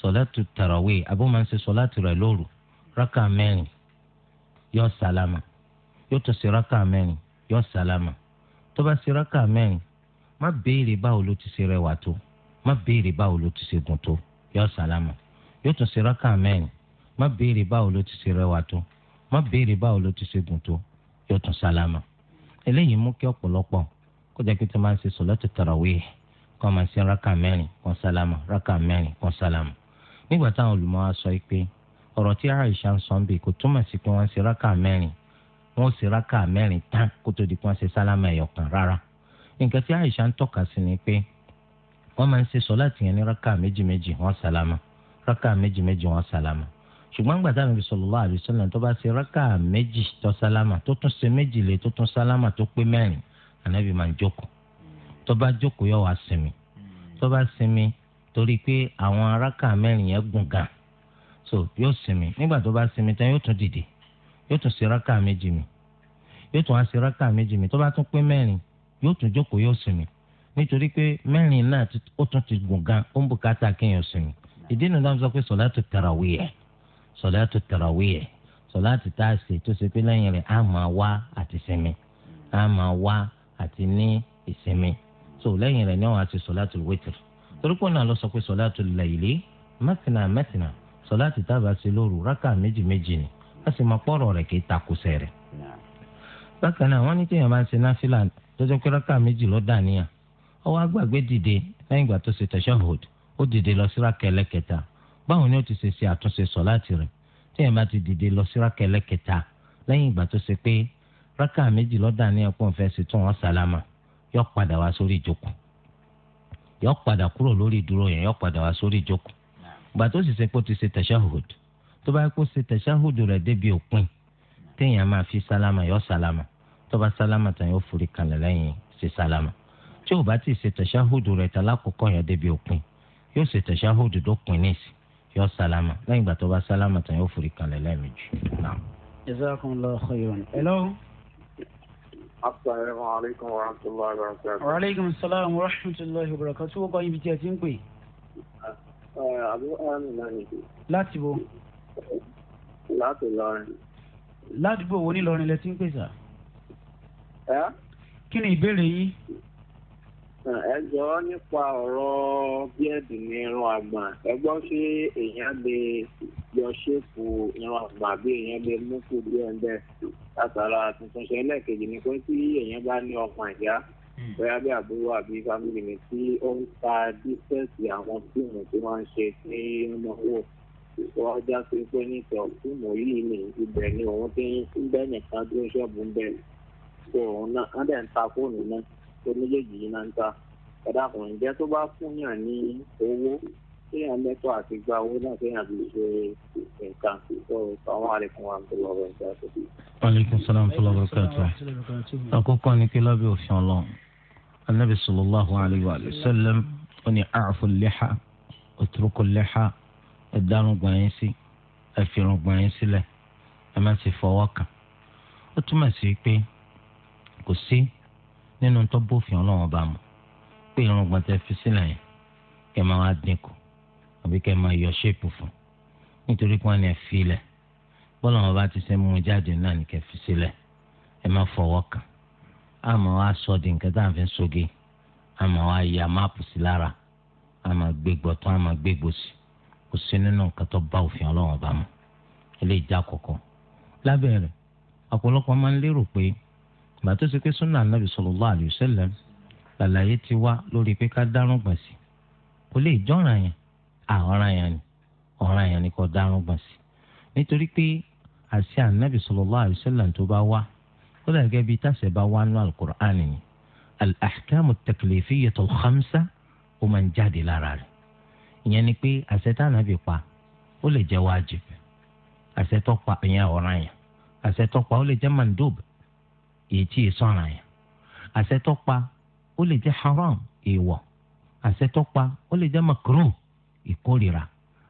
sọláàtù tarawih lóru rákà mẹ́rin yóò sálámà yóò tún ṣe rákà mẹ́rin yóò sálámà tó bá ṣe rákà mẹ́rin má béèrè báwo ló ti ṣe rẹwà tó má béèrè báwo ló ti ṣe gùn tó yóò sálámà yóò tún ṣe rákà mẹ́rin má béèrè báwo ló ti ṣe rẹwà tó má béèrè báwo ló ti ṣe gùn tó yóò tún sálámà eléyìí mú kí ọ̀pọ̀lọpọ̀ kó jẹ́ pé tó máa ń ṣe sọ̀látù tarawih kó máa ṣe rákà mẹ́rin kó sálámà rákà mẹ́rin kó sálámà nígbà táwọn olùmọ̀ wa sọ pé ọ̀rọ̀ tí Aisha ń sọ ń bè kò túmọ̀ sí pé wọ́n ṣe rákà mẹ́rin wọ́n ṣe rákà mẹ́rin tán kó tó di pé wọ́n ṣe sálámà ẹ̀yọ̀kan rárá nǹkan tí Aisha ń tọ́ka sí ni pé wọ́n máa ń ṣe sọ́láàtì yẹn ní rákà méjì méjì wọ́n sálámà rákà méjì méjì wọ́n sálámà ṣùgbọ́n gbàtà Ànábì sallallahu alaihi wasallam tó bá ṣe rákà méjì tó sálámà tó tún ṣe méjì lé tó tún sálámà tó pé mẹ́rin ànábì máa ń jókòó tó bá jókòó yóò wá sinmi tó bá sinmi so yóò sinmi nígbà tó bá sinmi tán yóò tún dìde yóò tún ṣe rákà méjì mi yóò tún wá ṣe rákà méjì mi tó bá tún pé mẹ́rin yóò tún jókòó yóò sinmi nítorí pé mẹ́rin náà ó tún ti gùn gan ó ń bùkátà kéèyàn sinmi ìdí nìyẹn náà sọ pé sọ̀látù tarawih sọ̀látù tarawih sọ̀látù tá a ṣe tó ṣe pé lẹ́yìn rẹ̀ á máa wá àti sinmi á máa wá àti ní ìsinmi so lẹ́yìn rẹ̀ ni wọ́n á ti sọ̀látù wítìrì torí pé náà lọ sọ pé sọ̀látù láìlì mẹ́tìnà mẹ́tìnà sọláàtì tábà ṣe lóru rákà méjì méjì ni a sì máa pọ̀rọ̀ rẹ̀ kì í takùsẹ̀ rẹ̀. bákan náà wọ́n ní téèyàn bá ń ṣe náfìlà tọ́jọ́ pé rákà méjì lọ́dà dà níyà ó dìde lẹ́yìn ìgbà tó ṣe ó dìde lọ sí rákà ẹlẹ́kẹta ni ó ti ṣe ṣe àtúnṣe sọláàtì rẹ̀ téèyàn bá ti dìde lọ sí rákà ẹlẹ́kẹta pé rákà méjì gbà tó sì ṣe pé ó ti ṣe tẹ̀ṣáhùd tó bá kó ṣe tẹ̀ṣáhùd rẹ̀ débi òpin téèyàn máa fi sálámà yọ sálámà tó bá sálámà tán yóò forí kalẹ̀ lẹ́yìn ṣe sálámà tí ò bá ti ṣe tẹ̀ṣáhùd rẹ̀ tán lákòókò yẹn débi òpin yóò ṣe tẹ̀ṣáhùd dópin níìsì yọ sálámà lẹ́yìn ìgbà tó bá sálámà tán yóò forí kalẹ̀ lẹ́ẹ̀mejì náà. Jazakumullahu khairan. Hello. alaikum warahmatullahi warahmatullahi wabarakatuh. tí wọ́n kọ́ ibi tí ẹ àbúrò àmì náà nìyí. láti wo. láti lọrin. ládùúgbò wo ní lọrin lẹ ti ń pè sà. ẹ. Eh? kí ni ìbéèrè yín. Eh, ẹ jọ nípa ọ̀rọ̀ bíẹ́dì ní irun àgbà ẹ gbọ́ ṣé èèyàn lè yọ ṣéèpù irun àgbà bí èèyàn lè mú kú bí ẹ̀ ń bẹ̀ látara tuntun ṣe ẹlẹ́ẹ̀kejì ni pé tí èèyàn bá ní ọkàn ìyá. Hmm. bóyá bí àbúrò àbí fámìlì mi tí ó ń ta dísẹ́ǹsì àwọn fíìmù tí wọ́n ń ṣe tí wọ́n wọ̀ wọ́n já sí pé nítọ̀ fíìmù yìí ni ibẹ̀ ni òun ti ń bẹ́ nìkan tó ń ṣọ́ọ̀bù ń bẹ̀rẹ̀ tó òun náà wọ́n dẹ̀ ń ta fóònù náà tó méjèèjì yìí náà ń ta ẹ̀dá kan ìjẹ́ tó bá fún yàn ní owó kéèyàn lẹ́tọ̀ọ́ àti gba owó náà kéèyàn fi ṣe nǹkan tó àwọn àlékún wa tó lọ́wọ́ ìjà tó bí. aleykum salaam tó lọ́wọ́ kẹ́tọ̀ àkọ́kọ́ ni kí lábẹ́ òfin ọlọ́run anabi sallallahu alayhi wa sallam ó ní àfọ lẹ́xà òtúrúkọ lẹ́xà ẹ̀dárùngbọ̀n yẹn sí ẹ̀fìrùngbọ̀n yẹn sílẹ̀ ẹ̀ má sì fọwọ́ kàn ó túmọ̀ sí pé kò sí nínú tó bófin ọlọ́wọ́n bá mu pé irùngbọ̀n tẹ fi sílẹ̀ yẹn kẹ́ máa wá dínkù àbí kẹ́ máa yọ ṣéèpù fún nítorí pé wọ́n ní ẹ fi lẹ̀ bọ́lá wọn bá ti ṣe mú jáde náà ní kẹ́ fi sílẹ̀ ẹ má fọwọ́ kàn àmọ́ wa sọ di nǹkan tá à ń fi soge àmọ́ wa ya máàpù sí lára àmọ́ gbégbọ́ tán àmọ́ gbégbó sí kò sí nínú nǹkan tó bá òfin ọlọ́run ọba mu eléyìí já kọ̀kọ́ lábẹ́ ọ̀pọ̀lọpọ̀ máa ń lérò pé ìgbà tó ṣe pé súnà nàbì sallallahu alaihi wasallam làlàyé ti wá lórí pé ká dárùn gbọ̀n sí kò lè jọ́ràn yẹn àọ̀ràn yẹn ni ọ̀ràn yẹn ni kò dárùn gbọ̀n sí nítorí pé àṣẹ ànábì sallallahu alaihi wasallam tó bá wá kódà gẹ́gẹ́ bíi tàṣẹ bá wà nínú alukur'an ni al-ahkamu taklifiyyatul khamsa ó máa ń jáde lára rẹ̀ ìyẹn ni pé àṣẹ tá ànábì pa ó lè jẹ́ wájib àṣẹ tó pa ìyẹn ọ̀ràn yẹn àṣẹ tó pa ó lè jẹ́ mandub èyí tí yẹ sọ̀ràn yẹn àṣẹ pa ó lè jẹ́ haram èèwọ̀ àṣẹ pa ó lè jẹ́ makruh ìkórìíra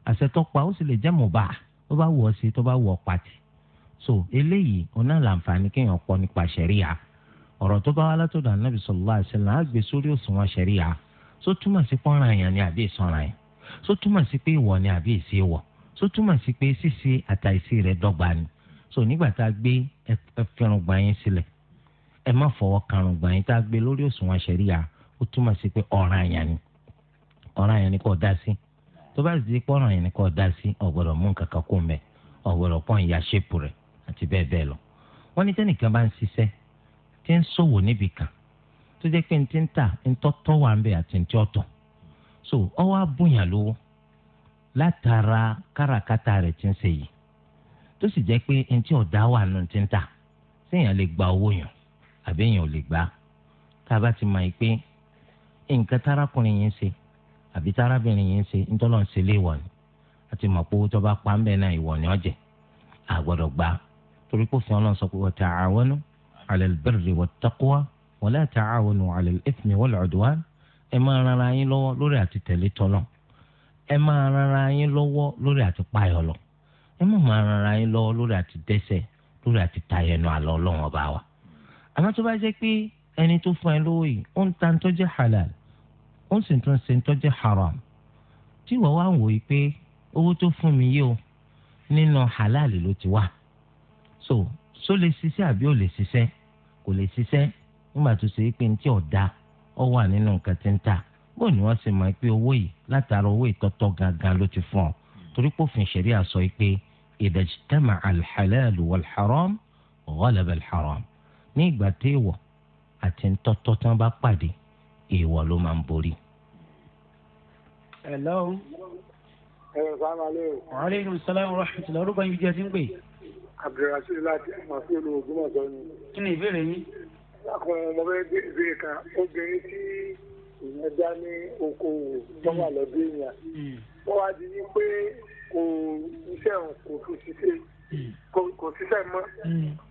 àṣẹ pa ó sì lè jẹ́ mubah tó bá wù sí tó bá wù pàtì so eléyìí ọ̀nà làǹfààní kéèyàn pọ̀ nípa ṣẹ̀ríà ọ̀rọ̀ tó bá wá látọ̀dọ̀ anábì sallallahu alaihi wasallam á gbé sórí òṣùwọ̀n ṣẹ̀ríà só túmọ̀ sí pọ́nrán èèyàn ni àbí ìsanra yẹn só túmọ̀ sí pé ìwọ̀ ni àbí ìṣe wọ̀ só túmọ̀ sí pé ṣíṣe àtàìṣe rẹ̀ dọ́gba ni so nígbà tá a gbé ẹfẹrùngbà yẹn sílẹ̀ ẹ má fọwọ́ karùngbà yẹn tá a gbé lórí òṣùwọ̀n ṣẹ̀ríà ó túmọ̀ sí pé ọ̀ràn èèyàn ni ọ̀ràn èèyàn ni kò dá sí tó bá sì ti pọ́nrán èèyàn ni kò dá sí ọ̀gbọ̀dọ̀ mú nǹkan kan kó mẹ́ ọ̀gbọ̀dọ̀ pọ́n ìyá ṣépù rẹ̀ àti bẹ́ẹ̀ bẹ́ẹ̀ lọ wọ́n ní tẹ́nìkan bá ń ṣiṣẹ́ tí ń ṣòwò kan tó jẹ́ pé n ti ń tà ń tọ́tọ́ wà àti so ọwọ́ abúyàn lówó látara káràkátà rẹ̀ ti ń ṣe yìí tó sì jẹ́ pé n ti ọ̀dá wà nù ti ń gba owó yàn àbí èèyàn ò lè gbà á tá a ti mọ̀ pé nǹkan tárakùnrin ń ṣe àbí ń ṣe ń ṣe ni àti mọ̀ pé owó tó bá pa ń bẹ̀ torí kò fi ọlọ́run sọ pé wa ta'awanu 'ala al-birri wat-taqwa wa la ta'awanu 'ala al-ithmi wal-'udwan ẹ máa ran ara yín lọ́wọ́ lórí àti tẹ̀lé tọ́lọ̀ ẹ máa ran ara yín lọ́wọ́ lórí àti páyọ̀ lọ ẹ má máa ran ara yín lọ́wọ́ lórí àti dẹ́ṣẹ̀ lórí àti tayọ ẹnu àlọ́ ọlọ́run ọba wa àmọ́ tó bá jẹ́ pé ẹni tó fún ẹ lówó yìí ó ń ta tó jẹ́ halal ó sì tún ṣe tó jẹ́ haram tí wọ́n wá ń wòye pé owó tó fún mi yìí o nínú halal ló ti wà so só lè ṣiṣẹ́ àbí ò lè ṣiṣẹ́ kò lè ṣiṣẹ́ nígbà tó ṣe pé ntí ọ̀dà ọ wà nínú nǹkan tí ń tà bó ni wọ́n sì máa pé owó yìí látara owó ìtọ́tọ́ gangan ló ti fún ọ torí pòfin ṣẹ̀rí àsọ yìí pé ìdajítẹ́mà alḥàlẹ́lù wàlḥàrọ́m ọ̀gọ́lẹ̀bẹ̀lḥàrọ́m ní ìgbà tí ìwọ̀ àti ntọ́tọ́ tí wọ́n bá pàdé ìwọ̀ ló máa ń borí. hello. ẹ̀rọ sábà lè. wàhálà ìrùsọ̀lá ìrọ̀ṣùtì lọ́rùkọ yìí jẹ́ sí ń pè abdulrasheed láti àmàfin olùgbòmọ̀sọ ni. kí ni ìbéèrè yín. lákọ̀ ọmọ bẹ́ẹ̀ bí ìbéèrè kan obìnrin tí ìyẹn dá ní okòwò tó wà lọ́dún èèyàn wọ́n hmm. wá di ní pé kò iṣẹ́ òun kò fi ṣiṣẹ́ hmm. kò ṣiṣẹ́ mọ́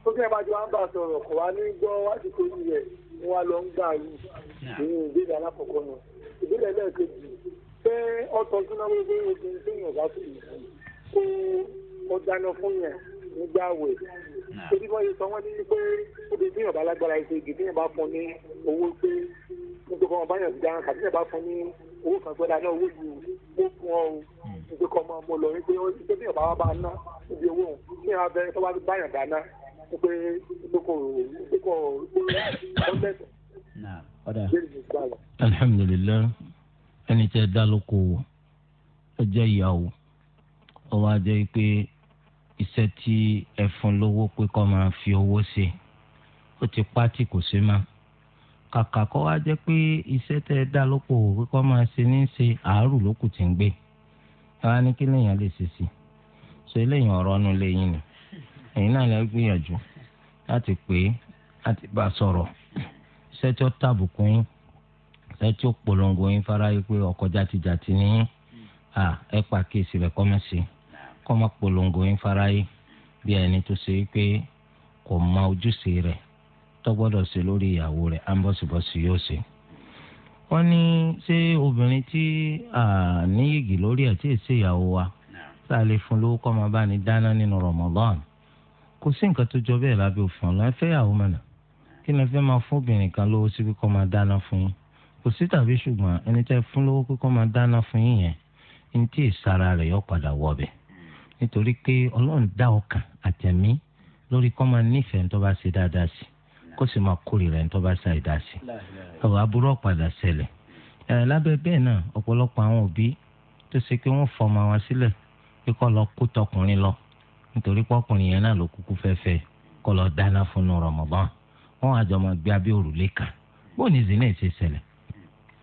tó hmm. kí ẹ bá jọ wá ń bá sọ̀rọ̀ kò wá ní gbọ́ wá sí tó yí rẹ̀ ni wọ́n lọ ń gbà yìí ìyẹn ìbéèrè alákọ̀ọ́kọ́ náà ìbéèrè lẹ́ẹ̀kejì pé ọ̀tọ̀ sínú ọmọ ẹgbẹ́ obìnrin tó yàn bá fi kó ọjà lọ fún yẹn nígbà wẹ̀ torí hmm. wọ́n yẹ sọ wọ́n pé obì tí yàn bá lágbára ṣe igi tí yàn bá fún ní owó pé nítorí ọmọ báyọ̀ ti dáhùn tàbí yàn bá fún ní owó kan gbọ́dá náà owó yìí ó fún ọ o hmm. nítorí ọmọ mo lọ wípé ṣé bí yàn bá wá bá ná níbi owó ní yàn abẹ tó bá báyàn dáná wípé ẹni tẹ dálóko ó jẹ ìyàwó ó wá pé iṣẹ́ tí ẹ fún lówó pé kó máa fi owó ṣe ó ti pátì kò ṣe má kàkà kó wá jẹ́ pé iṣẹ́ tẹ́ ẹ dá lóko pé kó máa ṣe ní ṣe àárò lókù tí ń gbé ẹ wá ní kí lèèyàn lè ṣe sí so eléyìí ọ̀rọ̀ ọ̀nù lẹ́yìn ni ẹ̀yin náà lè gbìyànjú láti pè é láti bá a sọ̀rọ̀ iṣẹ́ tí ó tàbùkù yín iṣẹ́ tí ó polongo yín fara yín pé ọkọ̀ jàtijàti ni yín ẹ pàkíyèsí rẹ̀ kọ́ mọ́ kọma polongo yín fáráyé bí ẹni tó ṣe pé kò mọ ojúṣe rẹ̀ tó gbọ́dọ̀ ṣe lórí ìyàwó rẹ̀ yóò ṣe. wọ́n ní ṣé obìnrin tí a ní igi lórí ẹ̀ tí ìyàwó wa tá a lè fún lówó kọ́ bá ní dáná nínú Ramadan kò sí nǹkan tó jọ bẹ́ẹ̀ lábẹ́ òfin ọ̀la ìyàwó kí ni máa fún obìnrin kan lówó síbi kọ́ máa dáná fún kò sí tàbí ṣùgbọ́n ẹni tẹ́ fún lówó máa dáná fún ní tí nítorí pé ọlọ́run dá ọkàn àtẹ̀mí lórí kọ́ máa nífẹ̀ẹ́ tó bá ṣe dáadáa sí kó sì máa kórìíra tó bá ṣe àìdáa sí ọ̀rọ̀ aburú ọ̀padà ṣẹlẹ̀ lábẹ́ bẹ́ẹ̀ náà ọ̀pọ̀lọpọ̀ àwọn òbí tó ṣe pé wọ́n fọmọ wọn sílẹ̀ pé kọ́ lọ kó tọkùnrin lọ nítorí pọ́kùnrin yẹn náà ló kúkú fẹ́fẹ́ kọ́ lọ dáná fún un Ramadan wọ́n àjọmọ̀ gbé abẹ́ zina ìṣe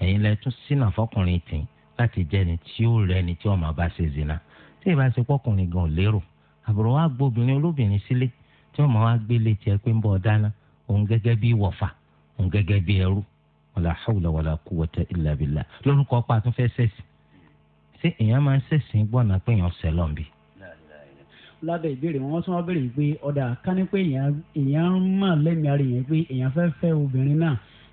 ẹ̀yin lẹ tún sínà fọkùnrin tì láti jẹ́ ẹni tí ó rẹ ẹni tí ọmọ bá ṣe zina tí ìbá ṣe pọkùnrin gan lérò àbúrò wa obìnrin olóbìnrin sílé tí ọmọ wa gbé létí pé ń bọ̀ dáná òun gẹ́gẹ́ bí wọ̀fà òun gẹ́gẹ́ bí ẹrú wàlà wàlà bìlà lórúkọ tún fẹ́ ṣé èèyàn máa ń gbọ́nà pé èèyàn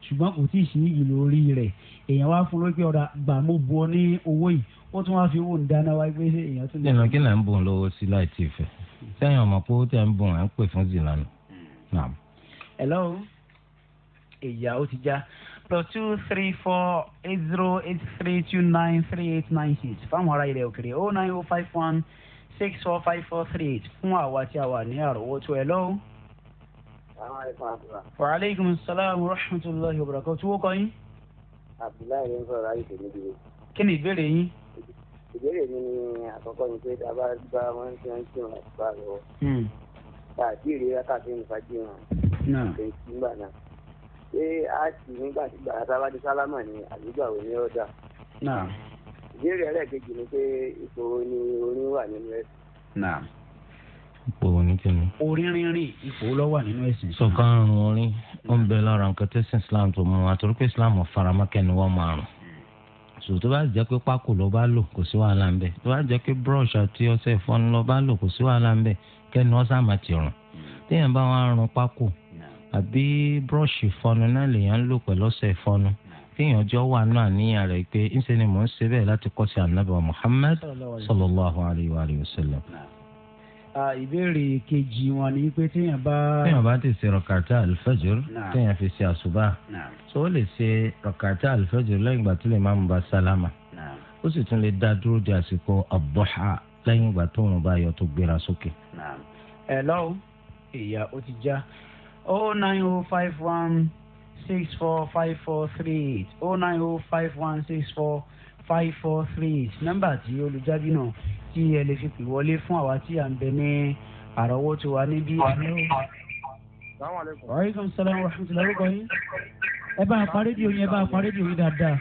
ṣùgbọ́n kò tí ì sí ìlò orí rẹ̀ èèyàn wá fún lókè ọ̀dà gbà mo bu ọ ní owó yìí ó tún wá fi owó ń dáná wáyé pé ṣé èèyàn tún lè. ìnàkí là ń bùn lówó sí láì tí ì fẹ́ sẹ́yìn ọmọ pé ó tẹ̀ ń bùn à ń pè fún zìlánù. Hmm. hello ìyá ó ti já plus two three four eight zero eight three two nine three eight nine six fáwọn ará ilẹ̀ òkèrè oh nine oh five one six four five four three eight fún àwa tí a wà ní àròwọ́tó ẹ̀ wa aleykum salaam wa rahmatulahi wa barakatuh tí wọ́n kọ́ yín. abdullahi ló ń sọ̀rọ̀ ayé tèmi dúró. kí ni ìbéèrè yín. ìbéèrè mi ni àkọ́kọ́ ni pé tábà bá wọn ń tiwọn kí wọn bá lọ. tàbí ìrora tàbí nǹkan jí wọn. kì í sí gbà náà. ṣé a sì nígbà tí gbàrà tábà di sálámà ni àdúgbò àwọn ènìyàn dà. ìbéèrè ẹlẹ́ẹ̀kejì ni pé ìṣòro ni orin wà nínú ẹ̀sìn. ipò òní tèmi. rin rínrin ipò ló wà nínú ẹ̀sìn islam. sọ̀kan orin ó ń bẹ lára nǹkan islam tó mú wa torí pé islam faramákẹ́ ni wọ́n máa rùn so tó bá jẹ́ pé pákó ló bá lò kò sí wàhálà ń bẹ tó bá jẹ́ pé brush àti ọsẹ ìfọnu ló bá lò kò sí wàhálà ń bẹ kẹ́ni wọ́n sàmà ti rùn téèyàn bá wọn rùn pákó àbí brush náà lèèyàn ìbéèrè kejì wọn ni pé téèyàn bá. téèyàn bá ti ṣe rọkàtà alfajr téèyàn fi ṣe àṣùbà so ó lè ṣe rọkàtà alfajr lẹ́yìn ìgbà tó lè máa ń ba sálámà ó sì tún lè dá dúró di àsìkò àbọ̀hà lẹ́yìn ìgbà tó ń bá yọ tó gbéra sókè. ẹ lọ́wọ́ ìyá ó ti já o oh nine o oh five one six four five four three eight o oh nine o five one six four five four three eight nọ́mbà tí olùjábí náà tí ẹ lè fi pè wọlé fún àwa tí à ń bẹ ní àrọ́wọ́tó wa níbí. aleykum salaam wa rahmatulah orúkọ yín ẹ bá a pa rédíò yín ẹ bá a pa rédíò yín dáadáa.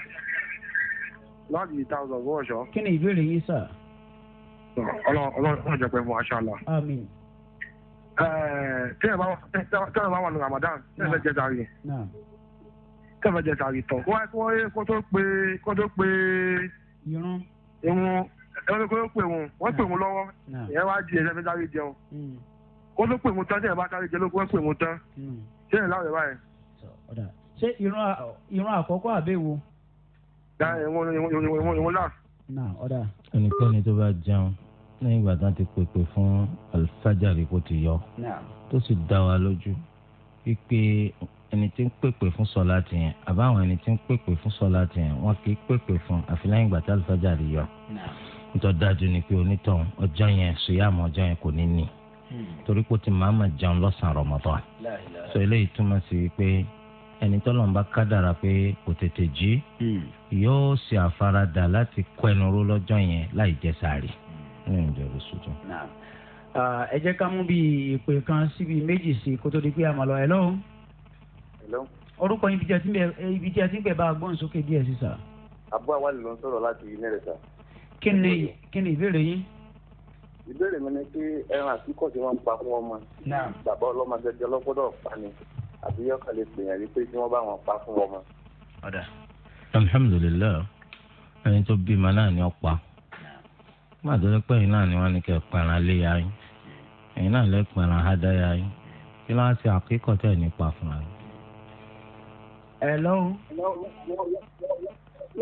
láti ìta ọ̀sán owó ọ̀ṣọ́. kí ni ìbéèrè yín sà. ọlọ́run jẹ́ pé mo aṣọ àlà. àmín. tẹ́lẹ̀ bá wà ní Ramadan tẹ́lẹ̀ jẹ́ sáré tẹ́lẹ̀ jẹ́ sáré tán kó tó pé kó irun ẹni kó pè wọn wọn pè ah. wọn lọ́wọ́ ah. ìyẹn wá di ẹsẹ fi sáré jẹun kó hmm. tó pè wọn tán sẹ́yìn bá sáré jẹ lóko wọn pè wọn tán sẹ́yìn láwùjọ báyìí. ṣé ìran àkọ́kọ́ àbẹ̀wò. dá ìwọ̀n ìwọ̀n ìwọ̀n láà. ẹnikẹ́ni tó bá jẹun lẹ́yìn ìgbà tán ti pèpè fún alifájàre kó ti yọ tó sì dá wa lójú wípé ẹni tí ń pèpè fún sọlá tiyẹn àbáwọn ẹni tí ń pèpè fún sọlá tiyẹn wọn kì í pèpè fún àfi ìgbà tí alifájàre yọ nítorí dájú ni pé onítọ̀hún ọjọ́ yẹn ṣùyàmù ọjọ́ yẹn kò ní ní hmm. torí pé ó ti máa ma jẹun lọ́sàn-án Ramadan so eléyìí túmọ̀ sí pé ẹni tọ́lọ̀ ń bá kádàrà pé kò tètè jí hmm. yóò ṣe àfaradà láti kọ ẹnu ró lọ́jọ́ yẹn láì jẹ sààrì hmm. ní ìjọ ìṣújú. ẹ jẹ́ ká mú bíi ìpè kan síbi méjì sí kó tó di pé àmọ́ lọ lọ́hùn. orúkọ ibi tí a ti ń bẹ̀ bá a gbọ́n sókè díẹ̀ sí abúlé wa ló ń sọ̀rọ̀ láti ilé kí ni kí ni ìbéèrè yín. ìbéèrè mi ni pé ẹran àtúkọ̀ tí wọ́n ń pa fún ọmọ bàbá ọlọ́mọ gẹ́gẹ́ lọ́gbọ́dọ̀ pa ni àbí yọkàn lè pè yàn rí pé kí wọ́n bá wọn pa fún ọmọ. ọ̀dà alhamdulilayi ẹni tó bímọ náà ni ó pa má tó lẹ́pẹ́ yìí náà ni wọ́n ní kẹ́ pẹ̀ràn léyà yín ẹ̀yin náà lẹ́ pẹ̀ràn hádáyà yín kí ló ń ṣe àkíkọ̀ tẹ̀ nípa fúnra yín. ẹ lọ́wọ́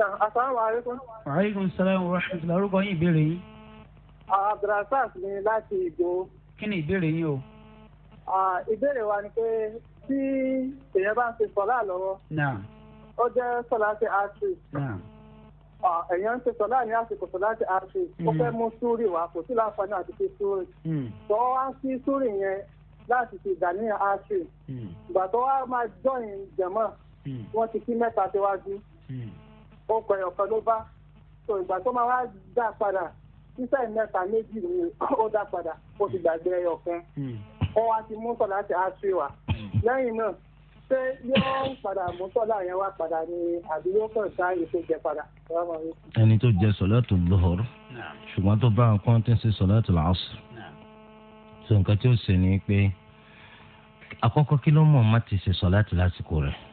asalaamualeykum. waaleykum salaam wa rahmatulah orúkọ yín ìbéèrè yín. abdulrasaq ni láti ìgbò. kí ni ìbéèrè yín o. ìbéèrè wa ni pé tí èèyàn bá ń ṣe sọ́lá lọ́wọ́. ó jẹ́ sọ́lá ti àṣì. èèyàn ń ṣe sọ́lá ní àsìkò sọ́lá ti àṣì. ó fẹ́ hmm. mú súrì wá kò sí láǹfààní àti fi súrì. Hmm. tó wá sí súrì yẹn láti fi dàní àṣì. Hmm. ìgbà tó wá máa jọyìn jẹ̀mọ́ wọ́n ti kí mẹ́ta síwájú ọkọ̀ ẹ̀yọ̀kan ló bá so ìgbà tó máa wá dá padà sísẹ́ mẹ́ta méjì ni ó dá padà ó ti gbàgbé ẹ̀yọ̀kan hmm. ó wá ti mú sọ̀lá ti aṣọ wa hmm. lẹ́yìn náà ṣé yóò padà mú sọ̀lá yẹn wá padà ni àbí yóò kàn sá èso jẹ padà. ẹni tó jẹ sọ̀látù Zuhur ṣùgbọ́n tó bá nǹkan tó ń ṣe sọ̀látù Asr so nǹkan tí ó ṣe ni pé àkọ́kọ́ kí ló mọ̀ má ti ṣe sọ̀látù lásìkò rẹ̀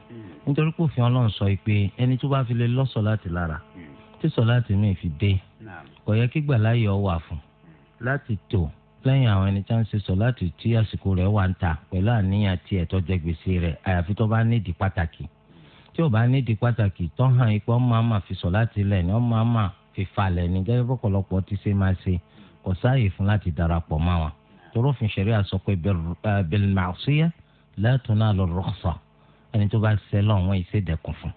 nítorí kò fi ọlọ́run sọ pé ẹni tó bá fi lè lọ́sọ̀ láti lára hmm. tí sọ láti inú ìfi dé kò yẹ kí gbàláyè ọ wà fún láti tò lẹ́yìn àwọn ẹni tí wọ́n ń ṣe sọ láti tí àsìkò rẹ̀ wà ń ta pẹ̀lú àníyàn tiẹ̀ tó jẹ gbèsè rẹ̀ àyàfi tó bá nídìí pàtàkì tí ò bá nídìí pàtàkì tó hàn ipò ọmọ àmà fi sọ láti lẹ̀ ni ọmọ àmà fi falẹ̀ ní gẹ́gẹ́ bọ́pọ̀lọpọ̀ ti ṣe máa ṣe kò sáàyè fún láti darapọ̀ mọ́ wọn. torófin ṣẹ̀ríà sọ pé bil ma'siyah la tunalu rukhsah ẹni tó bá sẹ́lọ̀ wọn èsè dẹ̀kun fún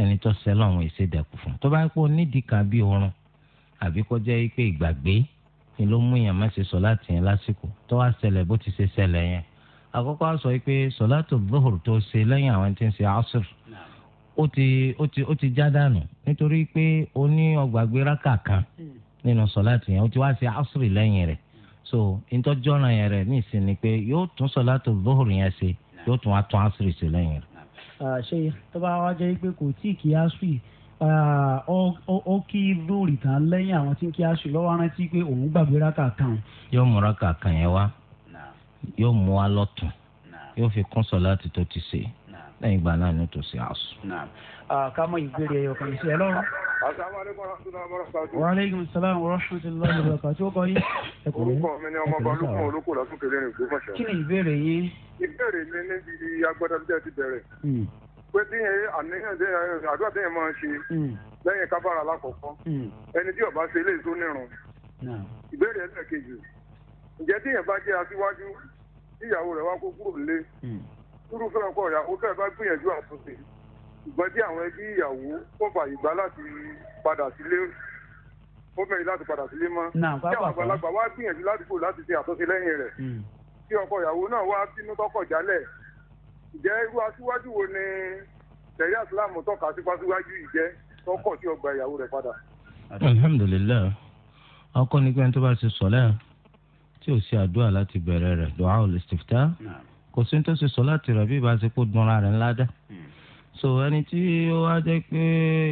ẹni tó sẹ́lọ̀ wọn èsè dẹ̀kun fún tó bá ń pọ̀ nídìí kan bí oorun àbí kọjá yìí pé ìgbàgbé ni ló mú èèyàn má ṣe sọ̀láàtì yẹn lásìkò tó wá ṣẹlẹ̀ bó ti ṣe ṣẹlẹ̀ yẹn àkọ́kọ́ sọ pé sọ̀láàtì dhuhr tó ṣe lẹ́yìn àwọn tí ń ṣe asr ó ti ó ti ó ti já dànù nítorí pé ó ní ọgbàgbé rákà kan nínú sọ̀láàtì yẹn ó ti wá ṣe asr lẹ́yìn rẹ̀ so ìtọ́jọ́ràn yẹn rẹ̀ ní ìsinmi pé yóò tún sọ̀láàtì dhuhr yẹn ṣe yóò tún wá tún asiri sí lẹ́yìn rẹ̀. ṣé tó bá wá jẹ́ pé kò tí kì í asiri ó kí lóòrì tán lẹ́yìn àwọn tí kì í asiri lọ́wọ́ rántí pé òun gbàgbé rákà kan. yóò mú rákà kan yẹn wá yóò mú wa lọ́tún yóò fi kún sọ̀láàtì tó ti ṣe lẹ́yìn ìgbà náà ni tó àṣù. ká mọ ìbéèrè ọkàn ìṣẹ́ lọ́rùn waaleykum salaam wa rahmatulahi wa barakatuh kọ́ yín. orúkọ mi ni ọmọ balùkùn olóko lásán kele ní ìlú mọ̀ṣẹ́. kí ni ìbéèrè yín. ìbéèrè mi níbi agbẹ́dàbíjẹ́ ti bẹ̀rẹ̀. Hmm. pé tí àníyàn àdúrà tí yẹn máa ń ṣe hmm. lẹ́yìn kábàárà alákọ̀ọ́kọ́ hmm. ẹni tí ó bá ṣe eléyìí tó nírun. ìbéèrè ẹlẹ́ẹ̀kejì ǹjẹ́ tí yẹn bá jẹ́ aṣíwájú tí ìyàwó rẹ̀ wá kó kúrò lé irúfẹ́ ọkọ ìyàwó fẹ́ẹ́ bá gbìyànjú àtúnṣe ṣùgbọ́n tí àwọn ẹbí ìyàwó kò fààyè gbà láti padà sílé ó mẹ́rin láti padà sílé mọ́ tí àwọn àgbàlagbà wá gbìyànjú ládùúgbò láti ṣe àtúnṣe lẹ́yìn rẹ̀ hmm. tí ọkọ ìyàwó náà wá sínú tọkọ̀ jálẹ̀ ǹjẹ́ irú aṣíwájú wo ni tẹ̀lé àsìlámù tọ́ka síwájú ìjẹ́ tọkọ̀ tí ọgbà ìyàwó rẹ̀ padà. alhamdulilayi ọkọ ní pé tó bá ti sọlẹ tí ò sí àdúrà láti bẹ̀rẹ̀ rẹ̀ du'a ul istiftah kò sí tó ṣe sọ láti rẹ̀ bí ìbá ṣe kó dunra rẹ̀ ńlá dá. Mm so ẹni tí ó wá jẹ́ pé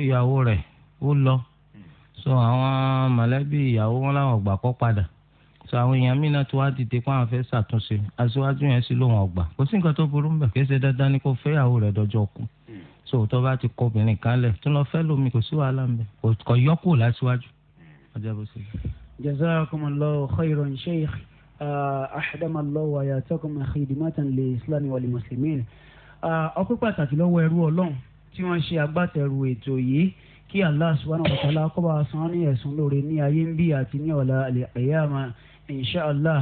ìyàwó rẹ̀ ó lọ so àwọn mọ̀lẹ́bí ìyàwó wọn làwọn ọgbà kọ́ padà so àwọn èèyàn míì náà tó wá dìde pé àwọn fẹ́ ṣàtúnṣe aṣíwájú yẹn sì lòun ọgbà kò sí nǹkan tó burú mbẹ̀ kí ẹ ṣe dandan ni kò fẹ́ ìyàwó rẹ̀ dọjọ́ kú so tó bá ti kọ obìnrin kan lẹ̀ tó lọ fẹ́ lómi kò sí wàhálà mbẹ̀ kò yọkù láṣíwájú ọjọ́ bó ṣe. jazakumullahu khairan sheikh ahdamallahu wa yatakum khidmatan li islami wa li muslimin ọpẹ́ pàtàkì lọ́wọ́ ẹrú Ọlọ́run tí wọ́n ṣe agbátẹrù ètò yìí kí Allah subhanahu wa ta'ala kó bá san ní ẹ̀sùn lóore ní ayé ń bí àti ní ọ̀la àlẹ́yàmà inshàlá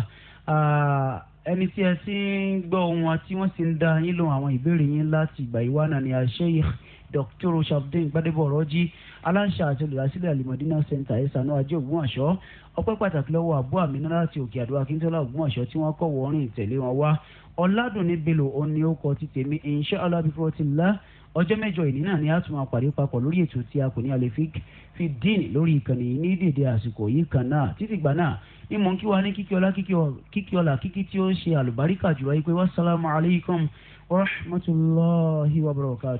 ẹni tí ẹ ti ń gbọ́ wọn tí wọ́n ti ń da yín lóhùn àwọn ìbéèrè yín láti ìgbà yìí wá náà ni Sheikh Dr. Shabdin Gbadebo Ọ̀rọ̀jì aláṣà àti olùdásílẹ̀ alimọ̀dínà center ẹ̀sánú ajé ògbómọ̀ṣọ́ ọpẹ́ pàtàkì lọ́wọ́ àbú àmínà láti òkè àdó akíntola ògbómọ̀ṣọ́ tí wọ́n kọ́ wọ́ọ́rìn ìtẹ̀lé wọn wá ọ̀làdùnní bello òní ó kọ ti tèmi inshallah bí fọ́ọ̀tì ńlá ọjọ́ mẹ́jọ ìní náà ni a tún máa pàdé papọ̀ lórí ètò tí a kò ní alẹ́ fi dín lórí ìkànnì yìí ní dèdè àsìkò yìí kan náà títí gbà náà ní mò ń kí wa ní kíkí ọlá kíkí ọlá kíkí tí ó ṣe àlùbáríkà jùlọ yìí pé wassalamu alaikum warahmatullahi wabarakatuh.